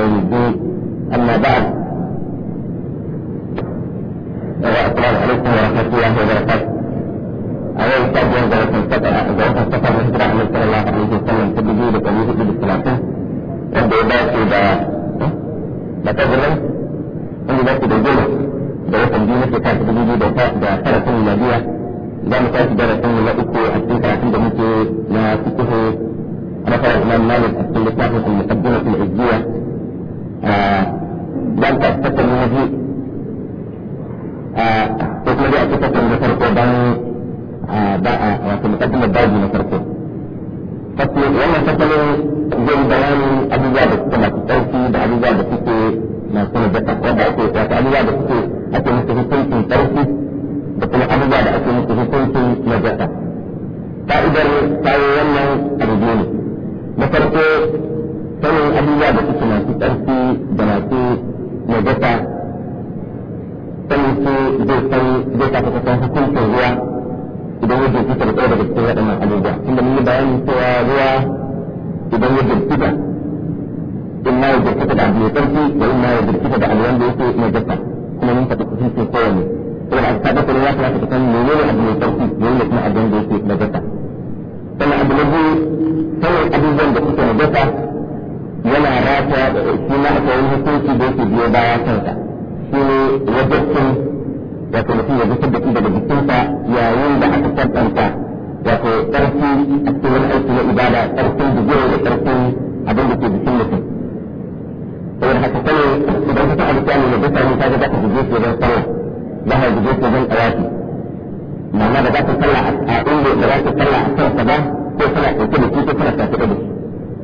يوم الدين أما بعد السلام عليكم ورحمة الله وبركاته أنا أستاذ جوزة السفر جوزة السفر الهجرة عن صلى الله عليه وسلم في الجيل الطويل في الثلاثين رد إباك إذا لا تظلم عندي بس بالجنة درس الجنة في كانت بيجي ده ثلاثين ميلادية ده مثال درس من لا أكو أكيد أكيد ممكن لا تكوه أنا فرق إمام مالك أكيد في المقدمة العزية dan tattakin na biyu ko kuma dai a tattakin na farko dan wato mukaddima na farko wannan fasali zai bayani abubuwa da suke masu tsarki da abubuwa da suke masu najasa wanda ake wato da suke ake musu hukuncin tsarki da kuma abubuwa da ake musu hukuncin najasa ka'idar kawo wannan abu ne na farko sanin abubuwa da suke masu ƙarfi da masu nagata sanin su zai san zai tafi kasan hukuncin ruwa idan ya jirgin da ɗaya daga cikin waɗannan abubuwa tunda mun yi bayani cewa ruwa idan ya ta in ma ya ta da abu mai ƙarfi da in ma ya ta da abu wanda yake nagata kuma mun faɗi hukuncin kowane kuma a kaɗa kuma ya kamata ka san ne abu mai ƙarfi menene kuma abin da yake nagata sannan abu na biyu sanin abubuwan da suke najasa yana rata shi ma aka yi hukunci da yake biyo baya kansa shi ne wajabcin wato mutum ya gusar da shi daga jikinsa yayin da aka tantanta wato ƙarfi a cikin wani aiki na ibada ƙarfin bijiro da ƙarfin abin da ke jikin mutum saboda haka kawai idan ka taɓa misali na duka mun kaga za ka guje shi wajen sallah za ka guje shi wajen ɗawaki ma'ana da za ka sallah a inda da za ka sallah a kansa ba ko kana ɗauke da shi ko kana tafi da shi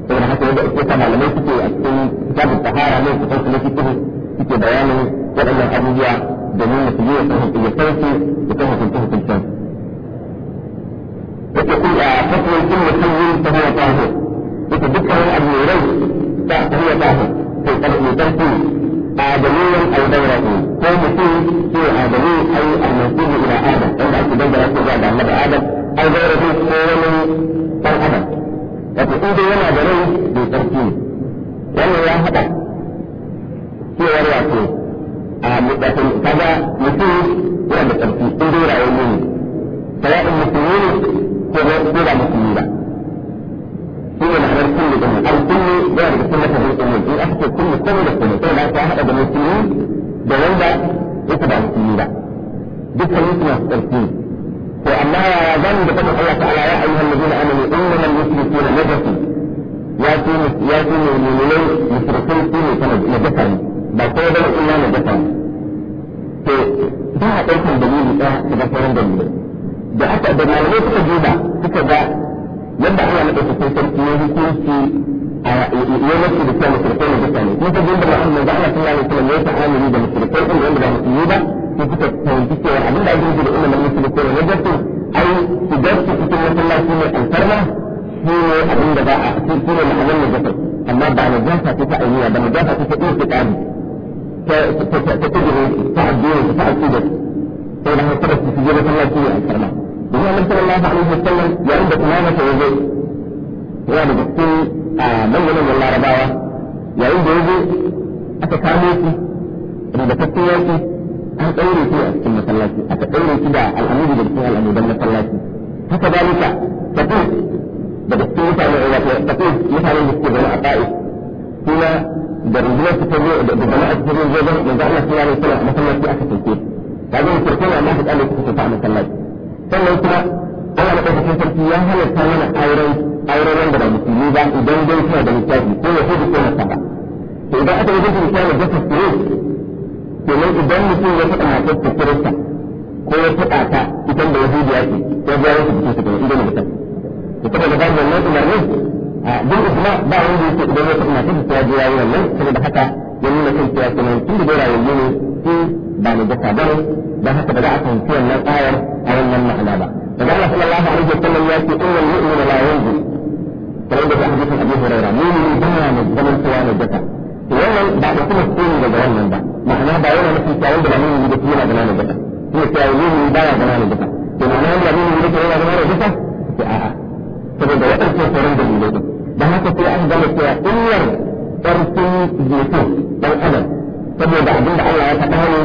saboda haka yadda ake malamai suke a cikin jami'in tahara ne su kansu lafi kudu suke bayanin waɗannan abubuwa domin mutum ya san hukunci ya san su ya san hukunci hukuncin kun a fatuwar kin mutum yin ta hanyar tahu yake dukkan allurai ta hanyar tahu to karɓi tarfi آدمي أو دورة كل شيء في آدمي أي المنسوب إلى آدم عند أكيد دورة بعد النبي آدم أو دورة كل بني آدم wato in yana da rai mai tsarki ne wannan ya haɗa cewar wato a wato kaga mutum yana da tsarki in dai rayuwa ne ne ko ba ba shi ne ma'anar da yana da in aka ce da haɗa da da wanda ba ba dukkan mutum masu tsarki ne وأما ظن بقدر الله تعالى يا أيها الذين آمنوا إنما المشركون نجس يأتون يأتون المؤمنين مشركين سنة نجسا بقول إلا نجسا ba a ɗaukan dalili ɗaya ta sauran dalilai da haka da malamai suka duba suka ga yadda Allah na ɗaukakin sarki ya hukunci يمثل الثاني التليفون بالثاني انت جنب محمد دخل صلى الله عليه وسلم ليس عامل يدا بالتليفون جنب مسيوبة يفتح تنتسي وحبيب عبد الجل إن من التليفون نجس أي تجس كتب صلى الله عليه وسلم الفرمة هي عند باع كتب محمد نجس أما بعد نجاسة تتعينيها بعد نجاسة تتعين تتعين تتجري تعد دين تتعد سيدة فإذا هتبت تتجري صلى الله عليه وسلم الفرمة وهو من صلى الله عليه وسلم يعند تمامة وزيه yana da cikin manyan larabawa yayin da yaje aka kamo shi rubutattun yaki an ɗaure shi a cikin masallaci aka ɗaure shi da al'amuri da cikin al'amuran masallaci haka zalika tafi daga cikin mutane da tafi mutanen da suke zama a ta'is kuma da rundunar su ta da jama'a su ta zo zai zama da Allah masallaci aka sauke ta zama kirkina amma ta ƙalle su ta a masallaci sannan kuma Allah madaukakin sarki ya halatta mana auren auren da ba musulmi ba idan dai suna da littafi ko ya hudu ko na saba to idan aka yi gudun kyawun da ta fure kenan idan mutum ya faɗa na ta kirista ko ya faɗa ta idan da yahudiya ce ya ga wasu bikin su kuma idan da ta to saboda babu wannan umarnin a duk ijma ba wanda yake idan ya faɗa na ta fure ya je ya yi saboda haka ya nuna kan cewa kenan tun da dai rayuwa ne ba ni da ba ne don haka ba za a fahimci wannan ayar a wannan ma'ana ba. وقال صلى الله عليه وسلم ياتي ان المؤمن لا ينزل فلما في حديث ابي هريره مين اللي مؤمن من زمن صيام الزكاه يوما بعد كل الصوم اذا دوام من بعد معناها دائما مثل صيام بلمين يجي فيها زمان الزكاه هي صيامين من بعد زمان الزكاه بمعناها بلمين يجي على زمان الزكاه في اعاء فبدا يقرص صيام بلمين الزكاه ده حتى في افضل صيام الا ترسم زيتون او ابدا طب وبعدين الله يتفهم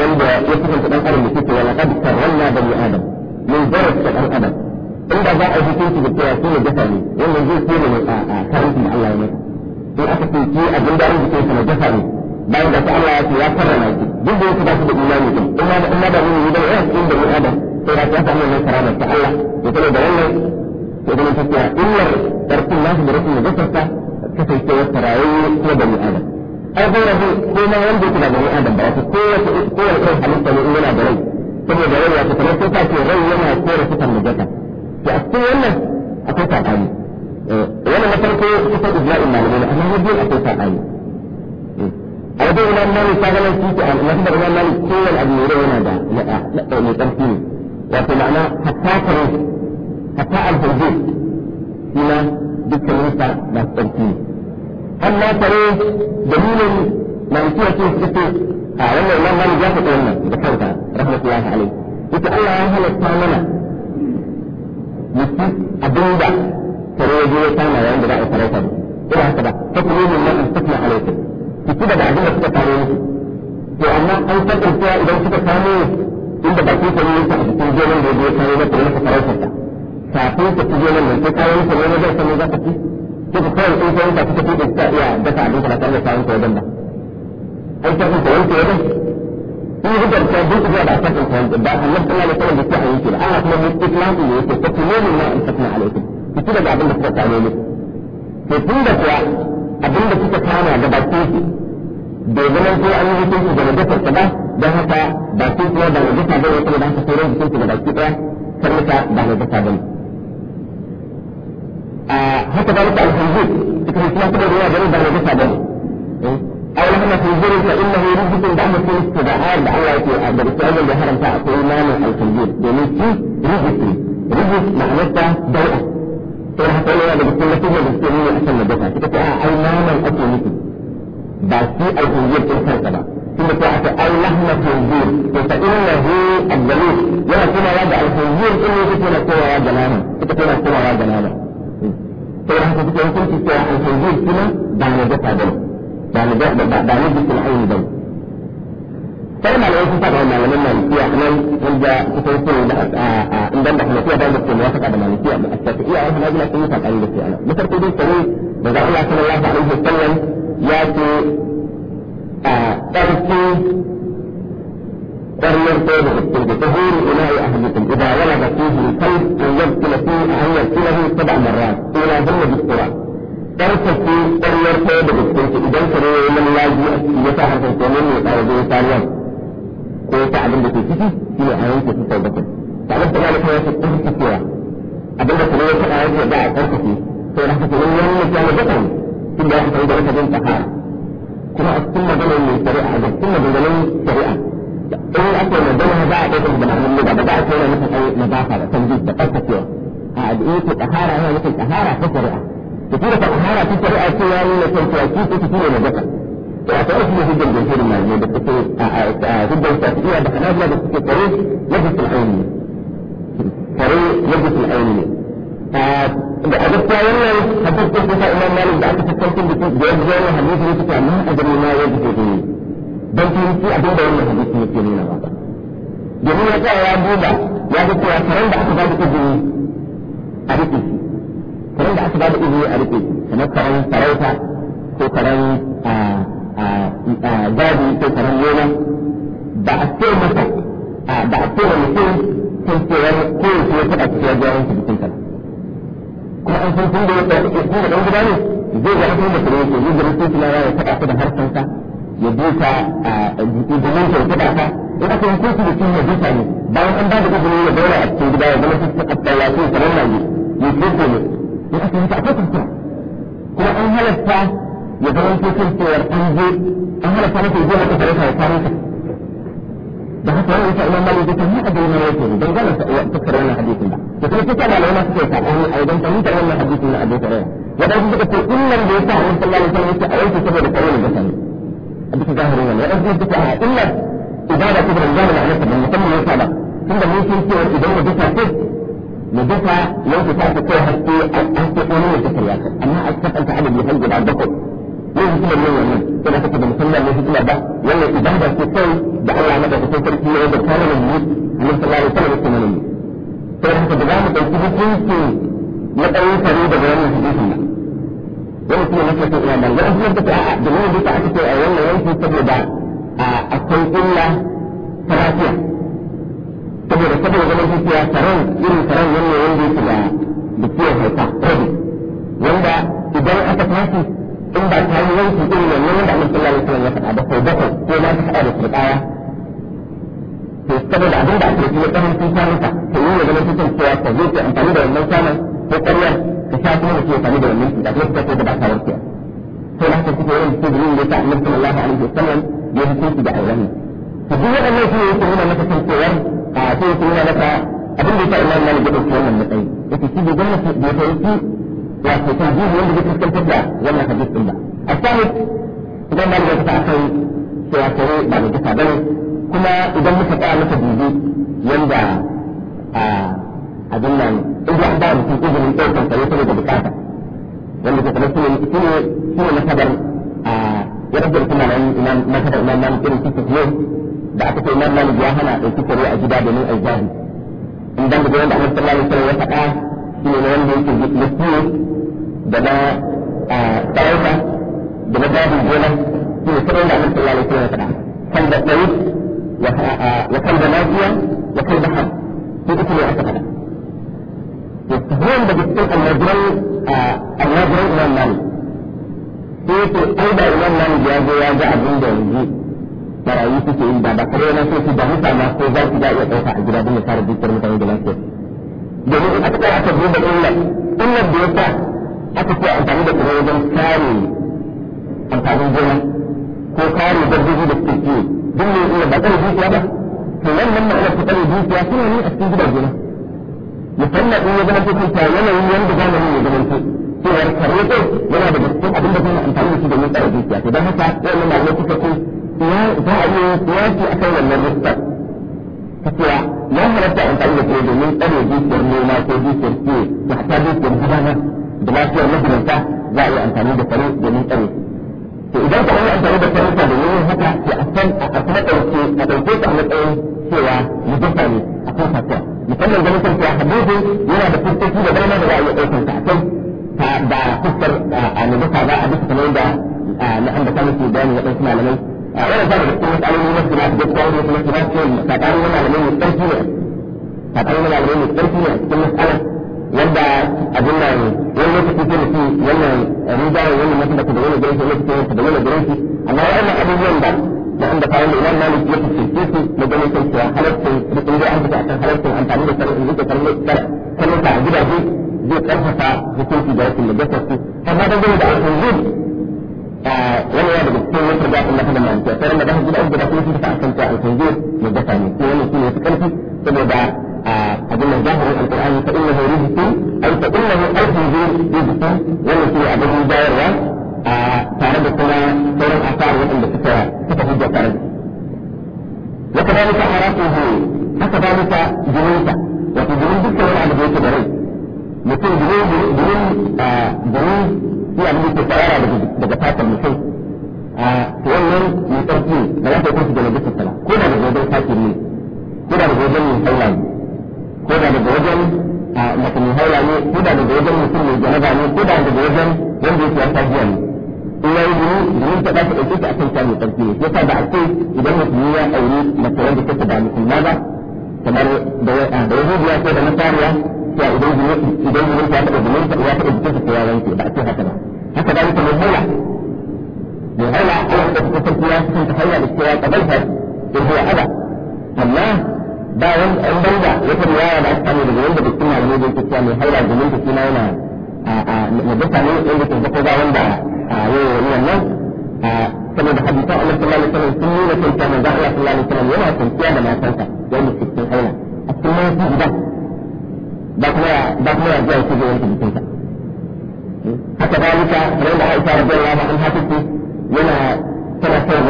يبدا يفهم كمان قبل ولقد كرمنا بني ادم mun zarar ta ɗan adam inda za a hukunci da cewa a ne dafa ne wannan zai ce ne a karanci Allah ya mata sai aka ce ki abin da an jikin na dafa ne bayan da ta Allah ya ce ya karrama ki duk da yake ba su da imani din in ma da in ma da mun yi da yawan cikin da mun adam sai da ta samu wannan karamar ta Allah ya kuma da wannan ya zama ta cewa illar ƙarfin halitta yana da saboda rai wato kamar sun sa ce rai yana kore sifar najasa to a cikin wannan akwai sabani eh, wannan na farko sifar ijma'in malamai amma na biyu akwai sabani eh, a wajen imam malik ta ganin titi a masdar imam malik kowane abu ne yana da naɗa mai ƙarfi ne wato ma'ana hatta kare hatta alhurdud shi ma dukkaninsa masu ƙarfi ne amma kare dalilin malikiya ce suka a wannan imam malik ya faɗi wannan da kanka rahmatullahi alaihi yace Allah ya halatta mana mutu abinda tare ya je ya kama yayin da za a farauta da ina haka ba ta kuma yin nan istikna alaikum ki ci daga abinda suka kamo musu to amma an tabbar cewa idan suka kamo inda bakin kare yake a cikin gonan da ya je ya kamo maka maka farautar ta kafin ka ci gonan nan sai kayan sa ne na zai sanin za ka ci ko ka kawai in ka yanka kuka ta iya dafa abin ka ba tare da kayan ka wajen ba ai ta kun tawanke ne in yi da ta duk da ta kun tawanke ba kan nan Allah ta wanda ta yake ana kuma mu islamu ne yake ta kuma ne in ta kuma alaikum ki tuna da abin da kuka kame ne to tun da kuwa abin da kuka kama da bakin ki bai zama ko an yi hukunci da najasar ta ba don haka ba su da najasa ba ne kuma da haka da ba ba أو لحم خنزير فإنه رزق دعم في الاستدعاء دعوة في الدكتور اللي حرم تعطي إمام الخنزير دونيتي رزقي رزق معناتها دوءة تروح تقول يا دكتور لكن الدكتور مين أحسن نبتها تقول أي نام الأكل مثلي بس الخنزير تنسى طبعا ثم تعطي أي لحم خنزير فإنه الدليل ولا كما وضع الخنزير إنه تكون كما وضع نامه تكون كما وضع نامه تروح تقول لكم تكون الخنزير كما دعم دفع دليل ba na jikin aini ba sai malamai sun saba wa malaman malikiya nan wanda kusa yi suna in ban da hanafiya ba da kuma wata da malikiya a shafi'iya wani hanabila sun yi sakani da su ana na dai sai da za Allah sallallahu alaihi wasallam ya ce tsarki قرير طيب الطب تهور إناء أحدكم إذا ولد فيه الكلب أن يبتل فيه أن يبتله سبع مرات zama ظل بالتراب ɗaukake ƙwaryar ɗaya daga cikin idan kare ya yi laji a ciki ya sa hankali ko ne ya ƙara zai sariyar ko ya sa abin da ke ciki shi ne a yanke su sau bakwai tare da zalika ya fi cewa abin da kare ya faɗa ya ce za a tsarkake sai da haka kuma wani mutum ya bakwai tun da ya fi da rasa jin tsakara kuma a cikin maganar mai shari'a da cikin maganar shari'a in ake magana za a ɗaukar da hannun da ba za a kai na mutum na ba da tanjin da tsarkakewa a abin yake tsakara yana nufin tsakara ta shari'a kuma ta umara ta tare a cewa ne kan ta ki ta ci ne to a tsaya kuma hujjar da shirin ne da a hujjar ta ci da kana da take tare ya fi aini tare ya fi aini ne a da adabta wannan hadisin da Imam Malik da aka tattaunta da shi da wannan hadisin da kuma adabi na ya fi tare dan kin ci abin da wannan hadisin yake nuna ba domin ya tsaya ya duba ya ga cewa da aka ba da kudi a karen da aka ba da izini a rike kamar karen farauta ko karen gadi ko karen yola ba a ce masa ba a ce wa mutum kan cewar kowace ya taɓa cikin gyaran su jikin kuma an san tun da ya cikin da ɗan gida ne zai ga asalin da kare yake zai ga mutum kila ya taɓa su da ya duka domin taɓa ka in aka yi kotu da cin ya duka ne bayan an ba da izini ya zauna a cikin gida ya zama kamar ya ne ya kasance akwai kuskure kuma an halatta ya zama ko kan cewar an je an halatta masa zuwa ta farauta ya kare ta da haka wani yasa imam malik ta haka da imam yake dan gana ta fara wannan hadisin da kuma kika da malama suke sabani a idan ta mutar wannan hadisin na abin sarara wadanda suka ce illan da yasa annabi sallallahu alaihi wasallam yake a yanke saboda kare da sani a duka zahirin wannan wadanda suka ce illan ibada ta da zamanin annabi musamman yasa ba tunda mun san cewa idan mutum ta ce نجفة لو كتاب كل هالشيء هالشيء ولا يجفة يا أخي أنا أتفق عدد يهل جدا دخل ليه كل اللي يعمل كده كده مثلا ليه كده ده ولا إذا هذا الشيء ده الله عمل ده كتير كتير كتير ده كان من يد الله صلى الله عليه وسلم كان من يد كده كده ده ما تقول كده كده لا تقول فريدة غير الحديث wani kuma na kasu ina ban gaba kuma tafi a'a da wani duka aka ce a wannan yankin saboda akwai illa ta lafiya saboda saboda zama zuciya taron irin taron wannan wanda yake da da kiyon haifa wanda idan aka tashi in ba ta yi wanki irin wannan wanda annabi sallallahu alaihi wasallam ya faɗa ba ko ma ta da turkaya to saboda abin da ake yi tsarin sun sa to yi zama cikin cewa ka zo ke amfani da wannan samun ko ƙaryar ka sha kuma da ke amfani da wannan cuta ko ta ce da ba ta warkewa to da haka cikin irin cikin da ya yi annabi sallallahu alaihi wasallam ya hukunci da alwani to duk waɗannan su ne yake nuna maka kan a sai yake nuna maka abin da yasa imam malik ya ɗauki wannan matsayi yake shi bai da bai fahimci wato tanzihi wanda zai fuskantar da wannan hadis ɗin ba a shahid imam malik ya fita akan cewa kare ba da duka ne kuma idan muka tsaya masa dubi yanda a abin nan in za a ba mutum izinin ɗaukan kare saboda bukata wanda ke kamar shine shine shine masabar a ya ɗauke da kuma nan na masabar imam malik irin su da aka ce nan Malik ya hana ɗauki kare a gida domin aljahi in dan da wanda Annabi sallallahu alaihi wasallam ya faɗa shi ne wanda yake mutum da na tsawaita da na gadin gona shi ne kare da Annabi sallallahu alaihi wasallam ya faɗa kan da tsayi ya kan da lafiya ya kan da har sai ita ne aka faɗa sai ya ce ai da مالك. nan ya zo ya ga abin da yanzu marayu suke yi ba ba kare na sai su da mutane ko za su da iya ɗauka a gida don ya fara dukiyar mutane da lafiya domin in aka aka duba illa illar da ya sa aka ce amfani da tsaro wajen kare amfanin gona ko kare dabbobi da suke kiwo duk ne iya ba tsare dukiya ba to wannan ma'anar ta tsare dukiya suna ne a cikin gidaje na musamman in ya zama ta yanayin yadda zamanin ya zama cewa karwato yana da cikin abin da kuma amfani da shi domin tsara zuciya to don haka wannan malamai suka ce za a yi siyasi a kan wannan rufar ta cewa ya halatta amfani da shi domin tsare zuciyar noma ko zuciyar ciwo da hata zuciyar gudanar da lafiyar mahimmanci za a yi amfani da kare domin tsare to idan ka yi amfani da kare domin yin haka to a san a kuma ɗauke a ɗauke ta a matsayin cewa mujasa ne a kan kasuwa musamman ganin kan cewa hadisi yana da fuskoki da dama da za a iya ɗaukar ta a kai da fuskar annabata za a bisa kamar da na ambata muke bayani na ɗansu malamai a wani zama da cikin matsaloli masu suna da kuma wani kuma suna ce tsakanin wani malamai mai ƙarfi ne tsakanin wani malamai mai ƙarfi ne cikin matsala wanda abin nan wani lokaci ke nufi wannan rinjaye wani masu da wani gurinki wani kuma da wani gurinki amma wannan abubuwan da na ambata wanda a malik ya fuskance su na ganin kan cewa halarcin rikin da an fita akan halarcin amfani da sarrafa da sarrafa da sarrafa a gidaje zai karfafa hukunci da wasu najasar su amma da zai da alhuzun wani daga cikin wata da Allah da malikiya sai da hankali da da kuma suka ne ko wani su karfi saboda eh, abin da zahirin alqur'ani fa innahu rijsun ay fa innahu alhuzun rijsun wannan shine da bayarwa eh, tare da kuma sauran asar waɗanda suka suka hujja tare da وكذلك عرفه وكذلك جنوده وفي جنود da على mutum domin domin iya da ke daga fatar mutum to wannan mai tsarki da najisar ko da daga wajen sake ne ko da daga wajen mai ne ko da daga wajen mace mai haila ne ko da daga wajen mutum mai janaba ne ko da daga wajen wanda yake yasa jiya ne in yayi domin domin ta ɗauke ɗauke ta akan tsarki ne yasa da ake idan mutum ya aure mace wanda take da musulma ba kamar da yahudiya ko da nasariya cewa idan zunubi idan zunubi ya taɓa zunubi ya taɓa jikin sa ya wanke ba a ce haka ba haka da yake mai haila mai haila Allah da kuka sarki ya cikin ta haila da cewa kabar ta in huwa ada amma ba wani an banda wata riwaya da aka samu daga wanda da suna ne da cewa mai haila zunubi shi ma yana na dasa ne inda ke zaka ga wanda yau wani wannan saboda hadisan Allah sallallahu alaihi wasallam sun nuna cewa manzo Allah sallallahu alaihi wasallam yana kwanciya da matansa yayin cikin haila a cikin mafi gidan ba kuma ba ya zuwa kuje yanke jikinsa haka da Aisha radiyallahu anha take yana tana a kwano sai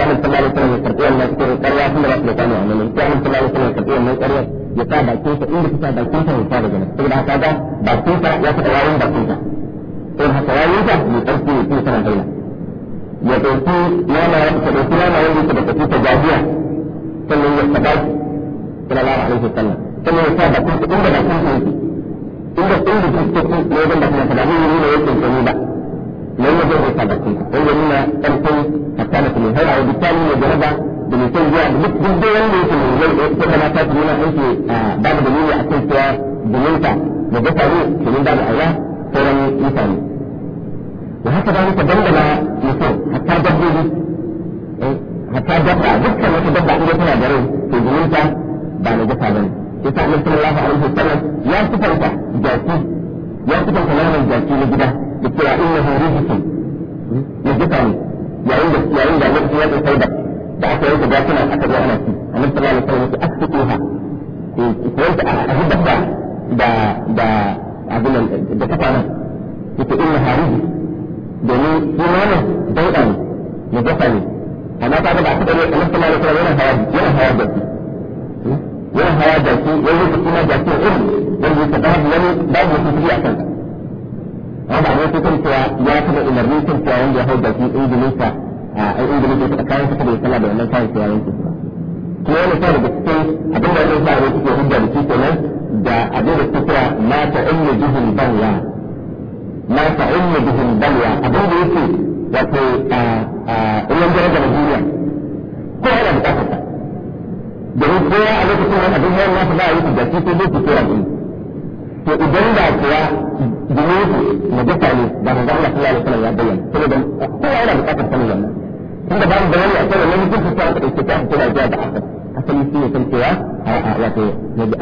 Annabi sallallahu alaihi ya karbi wannan cikin ƙarya kuma ba su da kwano a nan sai Annabi sallallahu ya wannan ƙarya ya sa bakinsa inda ta sa bakinsa ya sa daga nan saboda haka ga bakinsa ya taɓa wayan bakinsa sai haka wayan ta mai ƙarfi ne kuma tana daina ya ɗauki nama ya ɗauki nama wanda yake da tafi ta jajiya sannan ya sallallahu alaihi wasallam kuma ya sa da kun inda da kun na dukkan ne da raba da da wanda yake ne وهكذا انت حتى حتى ba na jasa bane yasa annabi sallallahu alaihi wasallam ya sifanta jaki ya sifanta naman jaki na gida da cewa innahu rijsun na jasa ne yayin da yayin da annabi ya tsaya da da aka yanka jakuna aka zo ana ci annabi sallallahu alaihi wasallam ya ha eh, ko a hudda da da abin da kafa nan yake innahu rijsun domin imanin ne na jasa ne amma ta ga ba a taɓa ne annabi sallallahu alaihi wasallam yana hawar yana wani hawa jaki wani yi ma jaki irin wanda yake babu wani babu wata tafiya kan amma ne ko cewa ya taɓa umarni kan cewa wanda ya hau jaki ingilinsa a ingilinsa ta kayan sa bai sallah da wannan kayan cewa yanke ko wani sa daga cikin abin da ya sa ne suke hujja da shi kenan da abin da suke cewa ma ta'ummu jihul barwa ma ta'ummu jihul barwa abin da yake wato ruwan daraja na duniya ko yana bukatar domin kowa a lokacin wani abin yawan nasa ba a yi tijjaki sai dai fito a to idan da kuwa zunubi na duka ne da manzo Allah sallallahu alaihi wasallam ya bayyana saboda kowa yana buƙatar sanin wannan tunda babu bayani a kan wani jinsi ta da ke ta fito da da aka asali shi ne san cewa a a wato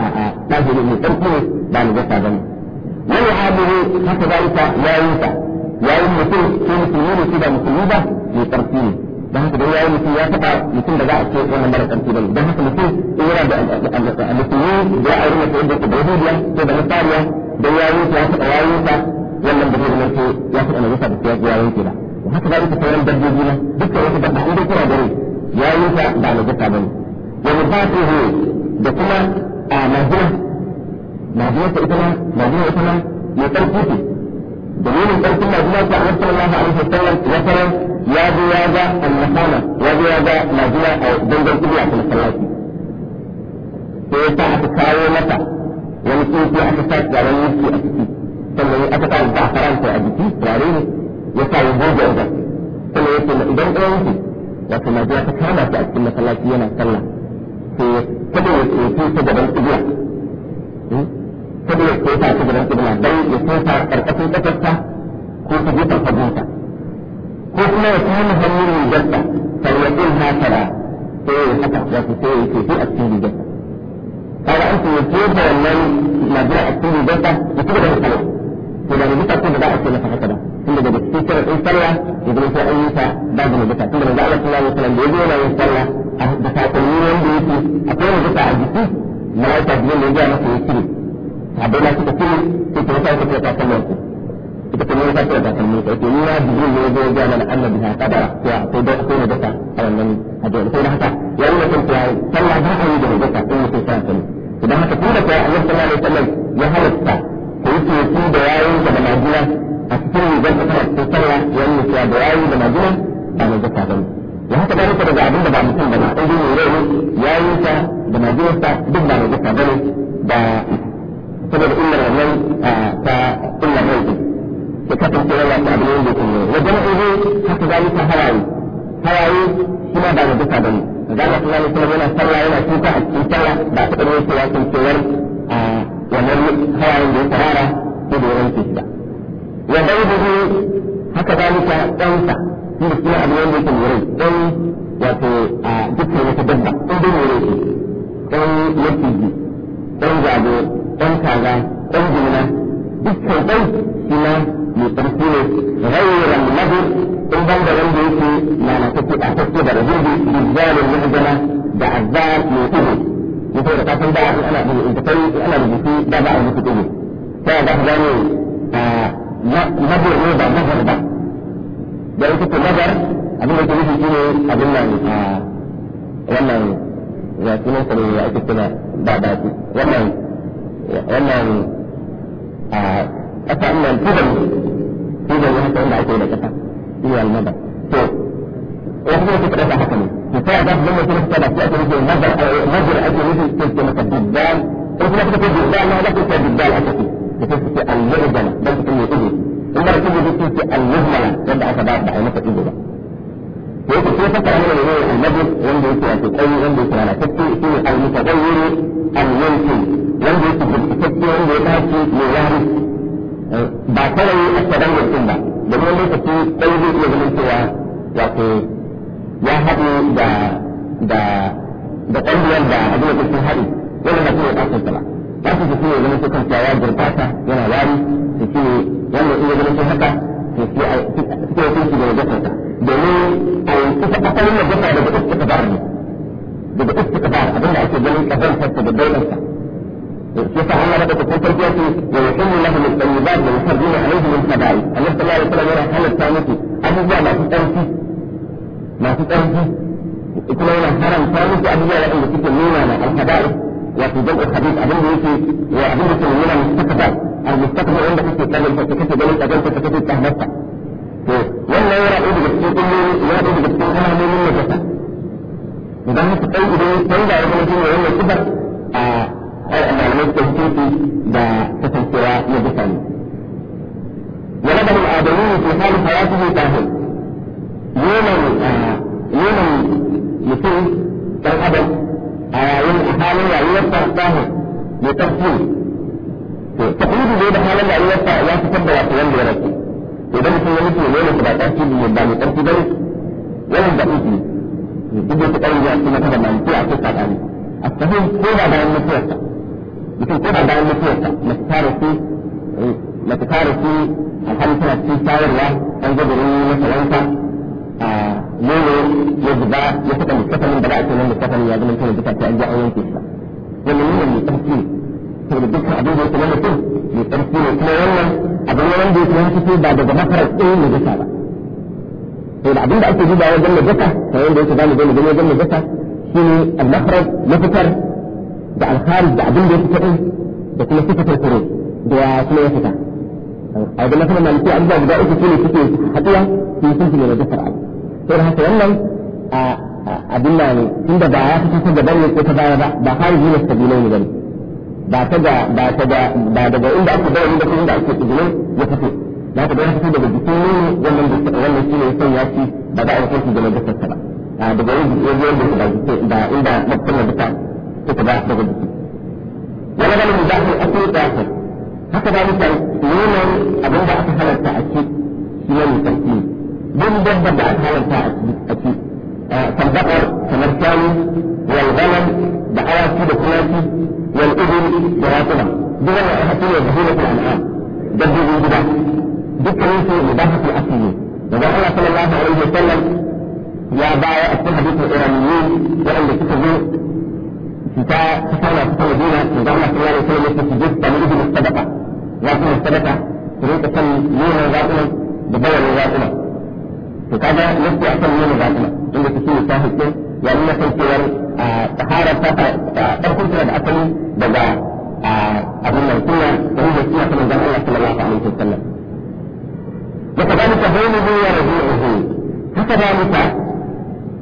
a a dajiri ne sarki ba ni ta bane wani hadiru haka zalika yayin sa yayin mutum ko musulmi ne ba musulmi ba ne sarki ne da haka dai mutum ya faɗa mutum da za a ce wannan mara ƙarfi bane don haka mutum in yana da musulmi da ya aure mutum da ke da yahudiya ko da nasariya don yi ya faɗa yayin sa wannan da zai zama ya faɗa najasa da ya yayin ba haka za a rika sauran dabbobi na dukkan wata dabba in dai kira gare yi sa ba najasa bane wa mubatihu da kuma a najira najira ta ita ma najira ita ma mai ƙarfi ce dalilin farkin majina ta an sallallahu alaihi wasallam wataran ya zo ya ga al-masala ya zo ya ga majina a dangan kibla ta masallaci sai ya sa aka kawo mata wani tsinci aka sa gaban a ciki sannan aka sa zafaran sai a jiki tare ya sa ya goge wajen sannan ya ce idan ɗayan ki wato majina ta ta a cikin masallaci yana sai ta gaban saboda ko ta ta gaban kibla dai ya tofa karkashin kasarta ko ta gefen hagunta ko kuma ya kama hannun rigarta sarwatin hatara sai ya haka za su sai ya ce sai a cikin rigarta kaga an ce ya ta wannan labira a cikin rigarta ya ci gaba da sallah to da rubuta ko da za a ce masa haka ba tun daga cikin sarrafin sallah ya zama sai an yi ta babu rubuta tun da manzo sallallahu alaihi wasallam da ya zo yana yin a da takalmi wanda yake akwai rubuta a jiki mala'ika biyu da ya ga masa ya cire abin da suka kuma sai ta yasa suka ta kallon ku ita kuma ta kallon ku ni ya dubi ne zo ga mana Allah biha kadara ya sai da sai da ta a wannan hadisi da haka ya nuna kan cewa sallah ba a yi da haka in mutum sai ta idan haka kwanakin ba domin wani lokaci ɗaya zai iya ganin cewa wato ya haɗu da da da da abin da haɗu ba shi ne ɗakin ba ɗakin sa ne ganin yana wari ne wanda iya ganin haka a da ta domin a daga daga abin da ake ganin ƙazantar da daularsa يسعى الله بدك تكون تربيتي ويحل لهم الطيبات ويحرمون عليهم الخبائث النبي صلى الله عليه وسلم يرى حالة ثانيتي أبوها ما تتأنسي ما تتأنسي كما يرى حرم ثانيتي أبوها لأن تكون مينا الخبائث وفي جمع الحديث أبوه يكي وأبوه يكون مينا المستقبل المستقبل عندك في الثاني فتكتب بلد أجل فتكتب تهدفك wannan yana ɗaya daga cikin illoli yana ɗaya daga cikin alamomin najasa idan muka ɗan idan ya canza ya zama shi ne wannan kibar a malamai da da kasancewa الآدمي في حال حياته a da halin rayuwarsa ya fitar da wasu wanda ya mutu ne ne ba ƙarfi ne ba a ko mutum ko da bayan mutuwarsa mace ta rasu eh, mace ta rasu a kan tana cikin shayarwa an zo gurin masa wanka a ya zuba ya saka mustafanin da za nan ya zama tana duka ta an ji an yanke sa wannan mai ne saboda dukkan abin da na mutum mai ƙarfi ne kuma wannan abin ne wanda yake wani fito ba daga mafarar tsaye na duka ba saboda abin da ake dubawa wajen na duka kamar yadda yake zamu gani wajen na duka shine al-makhraj mafitar da alkharij da abin da ya fita ɗin da kuma suka furu da ya kuma ya fita a wajen nasarar maliki abubuwa guda uku su ne suke haɗuwa su yi sunfi ne na jasar abu sai da haka wannan abin na ne tunda ba ya fita ta gaban ne ko ta baya ba ba kharij ne sabilai ne ba ne ba ta ga ba ta ga ba daga inda aka bayar da kuma inda ake tsibiri ya fito za ta bayar fito daga jikin nono wannan da wannan shi ne ya sanya shi ba za a yi kanki da na ta ba daga yin jikin da ba inda mutum na fita suka ba daga jiki wani ganin mu zafi a kai da haka haka da mutane nuna abin da aka halarta a ce shi ne mutane bin dabba da aka halarta a ce a ce tabbatar kamar kyawu walgalan da awaki da kuraki walƙudin da rasuwa duk wani a hakini da hulun da al'am dabbobin gida dukkanin su da haka a ce ne da ba alaihi wa sallam ya bayar a cikin hadisin iraniyyu waɗanda suka zo fita fitana fita madina da Allah sallallahu alaihi wasallam yake sujud a asali daga abin nan kuma da yin gaskiya ta manzon Allah sallallahu alaihi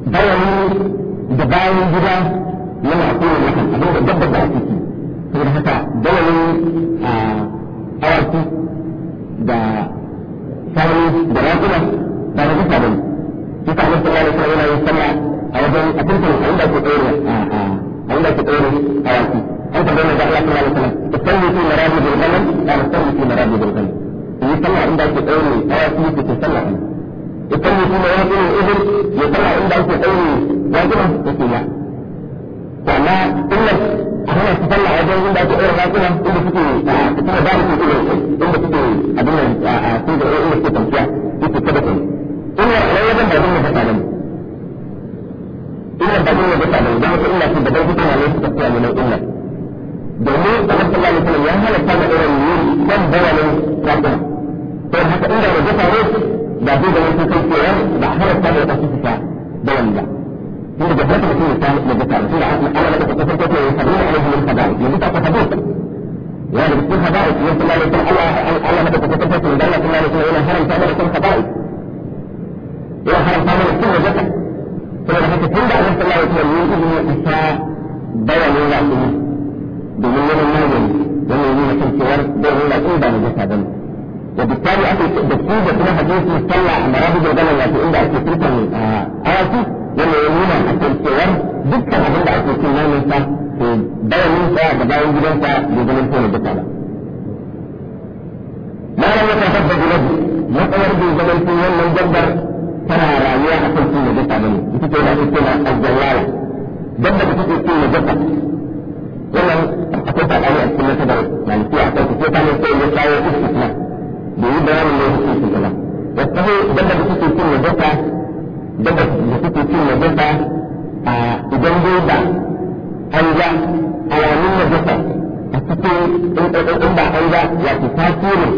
وكذلك هكذا yana kowane da kan da dabbar da ake ci saboda haka dawalin awaki da sauri da rakuna da duka bane shi ta Allah sallallahu alaihi wasallam yana sallah a wajen a tuntun a inda ke tsere a inda ke tsere awaki an ta bayyana da Allah sallallahu alaihi wasallam isallu fi marabi bil qalam la isallu fi marabi bil qalam yi sallah inda ke tsere awaki ke ke sallah ya sallah inda ke tsere rakuna ke ya amma illa kuma su sallah a wajen da ake ɗora rakuna inda suke suke ba su suke inda suke abin nan a sun da inda suke kwanciya suke kada kai illa a wajen da abin da ta tsarin illa da abin da ta tsarin don haka illa su da bai na ne suka tsaya ne na illa domin a wasu sallah ne ya halatta da irin yin kan bayanin rakuna don haka inda da ta tsarin da zai da wani sun kai da halatta da ta fi da wani يرجع لك في الثالث لجيت على طول عقل انا لك تتصل كيف يسمون عليه من الخبائث لجيت على تفضل يعني بتكون خبائث يقول الله يقول الله الله لك تتصل كيف من دلك الله يقول الى هرم كامل يكون خبائث الى هرم كامل يكون وجهك ثم لما تكون بعد الله يقول يقول وبالتالي أكل بسيطة بنا حديث مستلع مرابط الجبل التي عند أكل تلك الآيات wanda ya nuna a kan cewa dukkan abin da ake cin namun sa to bayanin sa da bayan gidansa ya zama tona duka ba ma wata tabba gudan matsayar bai zama tun wannan dabbar tana rayuwa a kan tona duka ba ne ita ce da ake tona azzawara dabba da take tona duka wannan akwai faɗaɗe a cikin nasabar malikiya a kan su ta ne sai ya kawo istisna bai yi bayanin ne hukuncin ba wasu dabba da take tona duka daga da suke cin najasa a idan roba an ga alamun najasa a cikin in ba an ga ya tasirin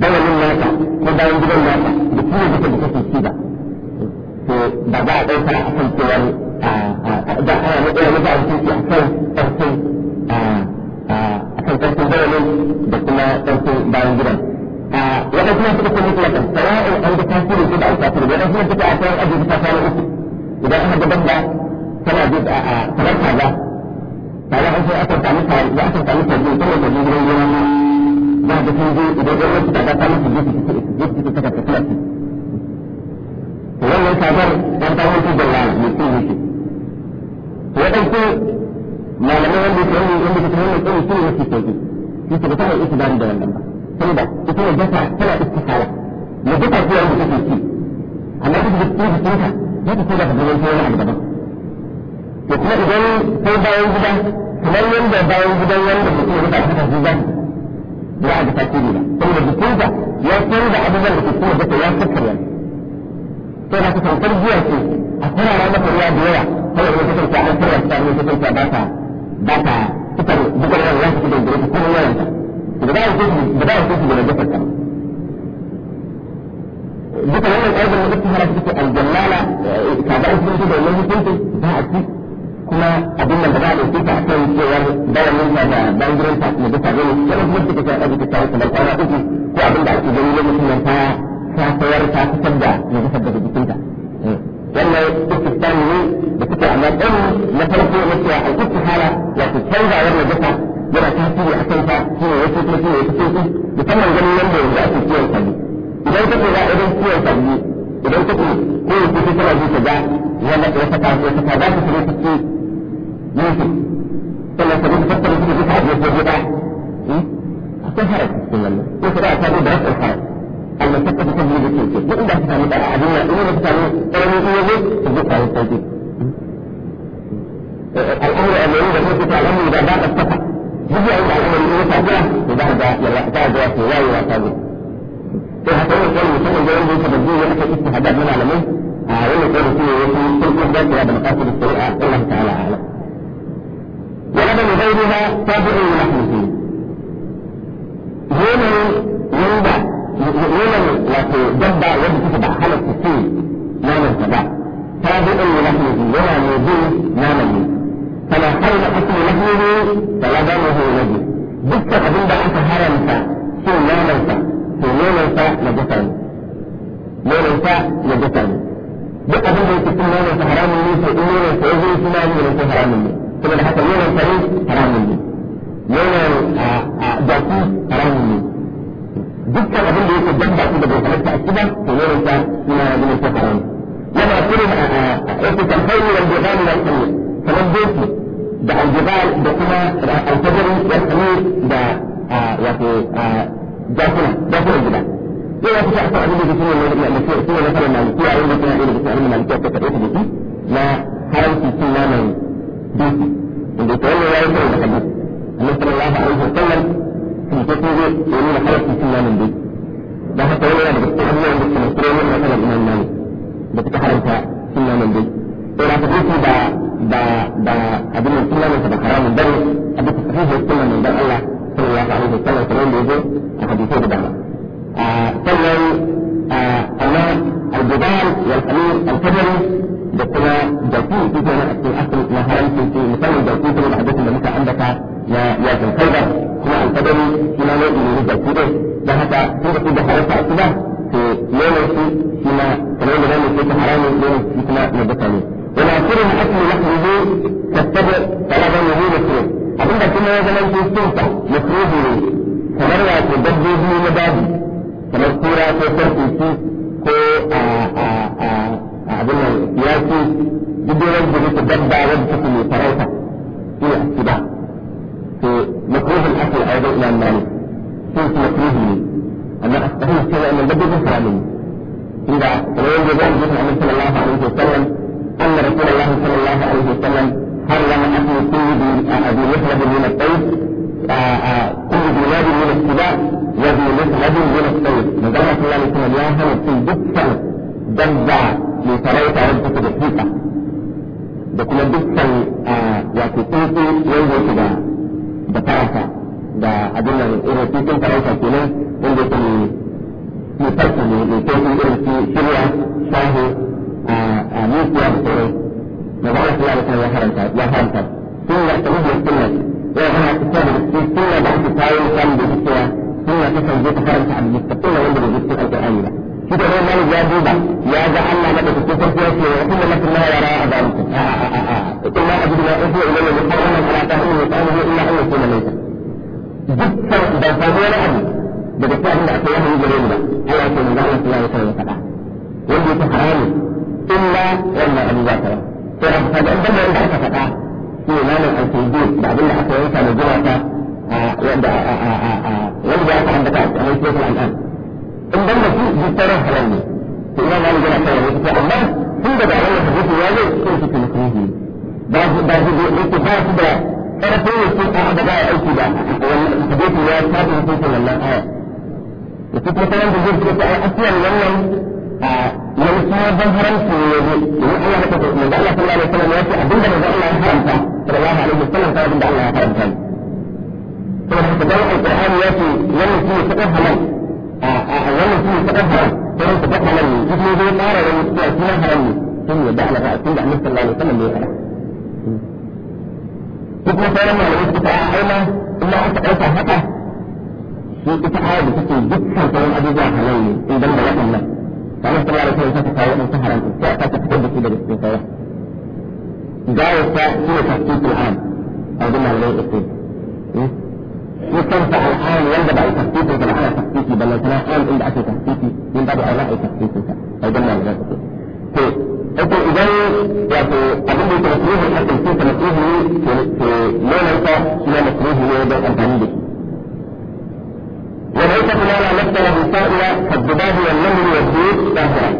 dawalin ko bayan gidan nasa da kuma da kake ci ba to ba za a ɗauka a kan cewa da ana na ɗaya maza a cikin a kan ƙarfin a kan ƙarfin dawalin da kuma ƙarfin bayan gidan waɗansu nan suka ce mutlakan sawa'in an ga tasiri ko da an tasiri waɗansu nan suka a tsawon aji ta kwana uku idan aka ga banda tana bi a kamar kaza kaza an sai aka samu kaza a samu kaza ne kuma kaza gidan gona ne za ka sun je idan gwamnati ta ga kaza su je su je su saka ta kula su to su da wani su ne ita da saboda ita ne jasa tana istikara ne jasa ce wanda take ci amma duk da cikin jikinka za ta tura ka gaban ta wani abu kuma idan sai bayan gida kamar yadda bayan gidan wanda mutum ya rubuta ta zuwa ba a ga tasiri ba saboda ya canza abubuwan da ke cikin jasa ya sakkara to na kusan tarbiya ce a turara maka ruwa da yawa kawai ne kasance an turara ta ne kasance ba ta ba ta fitar duk wani wani da gure ta kuma yawan ta ba ba a ce da najasa ta duka wannan aibin da suka harafi suke aljannala eh, ba da a ci kuma abin da ba a ɗauke ta nuna da ta na duka zai kuma suka ta kwana uku ko abin da ake gani ta ta sayar ta fitar da najasar daga eh, wannan ne da suke amma ɗan na farko na cewa al'istihala wato canza wannan najasa yana tasiri a kanka shi ne wasu kuma shi ne wasu kuma musamman ganin yadda yanzu ake kiwon sabbi idan kake za idan kiwon sabbi idan kake ko yanzu kake tana zuwa ga wanda ya saka ya saka za ka shiga ciki yusuf sannan ka zuwa tattara su da duka abu ko guda akwai harar cikin wannan ko kuma a samu da rasar harar Allah ta kafa kan mulki ke duk inda ka samu dara abin nan inda ka samu tsarni in yazo ka zo ka yi sauki الأمر أن يوجد في الأمر إذا باب السفر duk yayin da al'amari ya to za ga ya za ga ya ce to haka mutum da aka na malamai a wannan mutum ya yi da da Allah ala wato dabba wanda halatta ce naman ta ba tabi'un li nahwihi yana ne zai naman فما حرم اسم نهيه فلا دمه نجي دكت أبن أنت حرمت شو لا ننسى شو لا ننسى نجسني لا ننسى نجسني duk abin da yake cin nonon haramun ne sai in nonon sa yazo shi ma nonon sa haramun ne kuma da haka nonon sa ne haramun ne nonon a jaki haramun ne dukkan abin da yake dabba shi da bai a cikin to nonon sa shi ma nonon sa haramun yana kirin a a a a a a a a a a a a a da aljibal da kuma ya sami da wato jakuna jakuna gida yau ya fi shafa abin da jikin wani da ke suna na fara maliki a wanda suna irin da suna maliki a ta kaɗe ta jiki na haramci cin naman dutse inda ta wani yayin kawai da hadisi annabi sallallahu alaihi wa sallam sun ta kuma ya nuna haramci cin naman dutse da haka wani yana da cikin abubuwan da suke na yin matsalar imam malik da suka haramta cin naman dutse ba ta fi ba da da abin da kullum ta bakara mun dare abin da fi da kullum mun Allah sai ya fara da kullum kullum da yake a hadisi da dama a sannan a Allah al-jabar wal amir al-kabir da kuma da da ku kuma da hadisin da muka ambata da kuma al-kabiri kuma ne da ku da ku da da haka ku da kuma to kuma kamar kuma na duk haram ne to ina zamu gana wasu amma tun da wannan ya su kuma kuma ba su ba su da ba su da a ba ya aiki ba wannan ya kuma da zai ce ta asiyan wannan Allah sallallahu alaihi wasallam ya ce abinda Allah ya haramta sallallahu alaihi wasallam ta abinda Allah ya haramta ya ce wannan shi ne kadan halal wannan shi ne ta haram sai ka ga halal ne duk ne zai fara da mutuwa shi na haram ne sun yi da a cikin da annabi sallallahu alaihi wasallam ya fara duk ne sauran malamai suka ta aina illa aka ɗauka haka shi ita ayar da take dukkan sauran abubuwa halal ne in ban da waɗannan kamar sallallahu alaihi wasallam ta kawo ɗan haram sai aka ta fitar da shi daga cikin sauran gawar ta shi ne Qur'an a wajen malamai usul مستنفع الآن ينبغي تخطيطه كما أنا تخطيطي بل أنا الآن عند دعت تخطيطي ينبغي أولاء تخطيطك أو جمع الجزء انت اذا يعني اظن انت مكروه حتى يكون مكروه في ما ليس ما مكروه ليه ده انت عندك وليس بناء على نفسه الرسائل كالذباب والنمر والزيت ظاهرا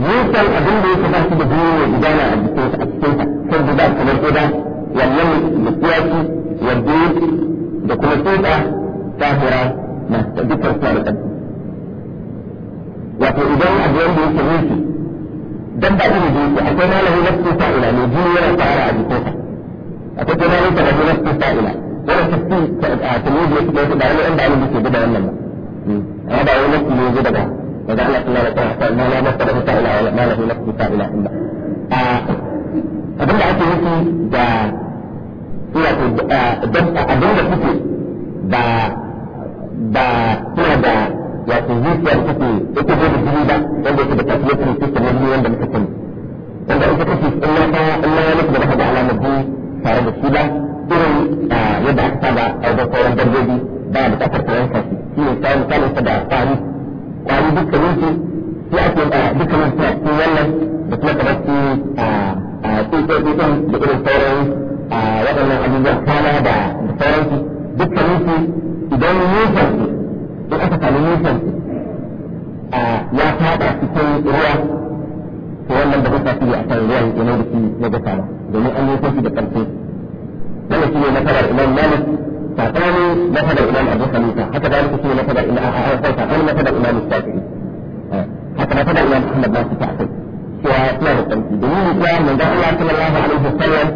يوصل اظن انت بحث بدون الادانه الدكتور الدكتور كالذباب كمان كده والنمر السياسي والزيت da kuma ta kafira na dukkan suna kan wato idan abu wanda yake rufi dan ba iri jinsi akwai malami na tsotsa ila ne jini yana tsara a jikinsa akwai kuma malami da na tsotsa ila wani tafi a tumuji ya fito da wani inda alibi ke gida wannan ba a ba wani nafi ne gida ba daga Allah sallallahu alaihi wasallam ma la nafsa da ta'ala wa la lahu nafsu ta'ala inda abinda ake nufi da wato abin da kuke ba ba kuna da wato zuciyar kuke ita zai da jini ba wanda yake da calculatory system na wanda muka sani wanda ita kake in ta in na muku da alamar jini tare da shi ba irin yadda aka saba a wajen sauran dabbobi ba da bukatar koyon kashi shi ne kayan misalin sa da kwari kwari duka yanki sai ake a cikin wannan da kuma kamar su a tsotsotsotsot da irin sauran a waɗannan abubuwan kwana da sauransu dukkanin su idan nisan su in aka sami nisan su ya fada cikin ruwa to wannan ba zai tasiri a kan ruwan yana da shi na gasa ba domin an nisan shi da ƙarfi wannan shi ne nasarar imam malik na nasarar imam abu hanifa haka da shi ne nasarar imam ahmad sakani nasarar imam shafi'i haka nasarar imam ahmad ma su ta akai cewa suna da ƙarfi domin ya manzan allah sallallahu alaihi wasallam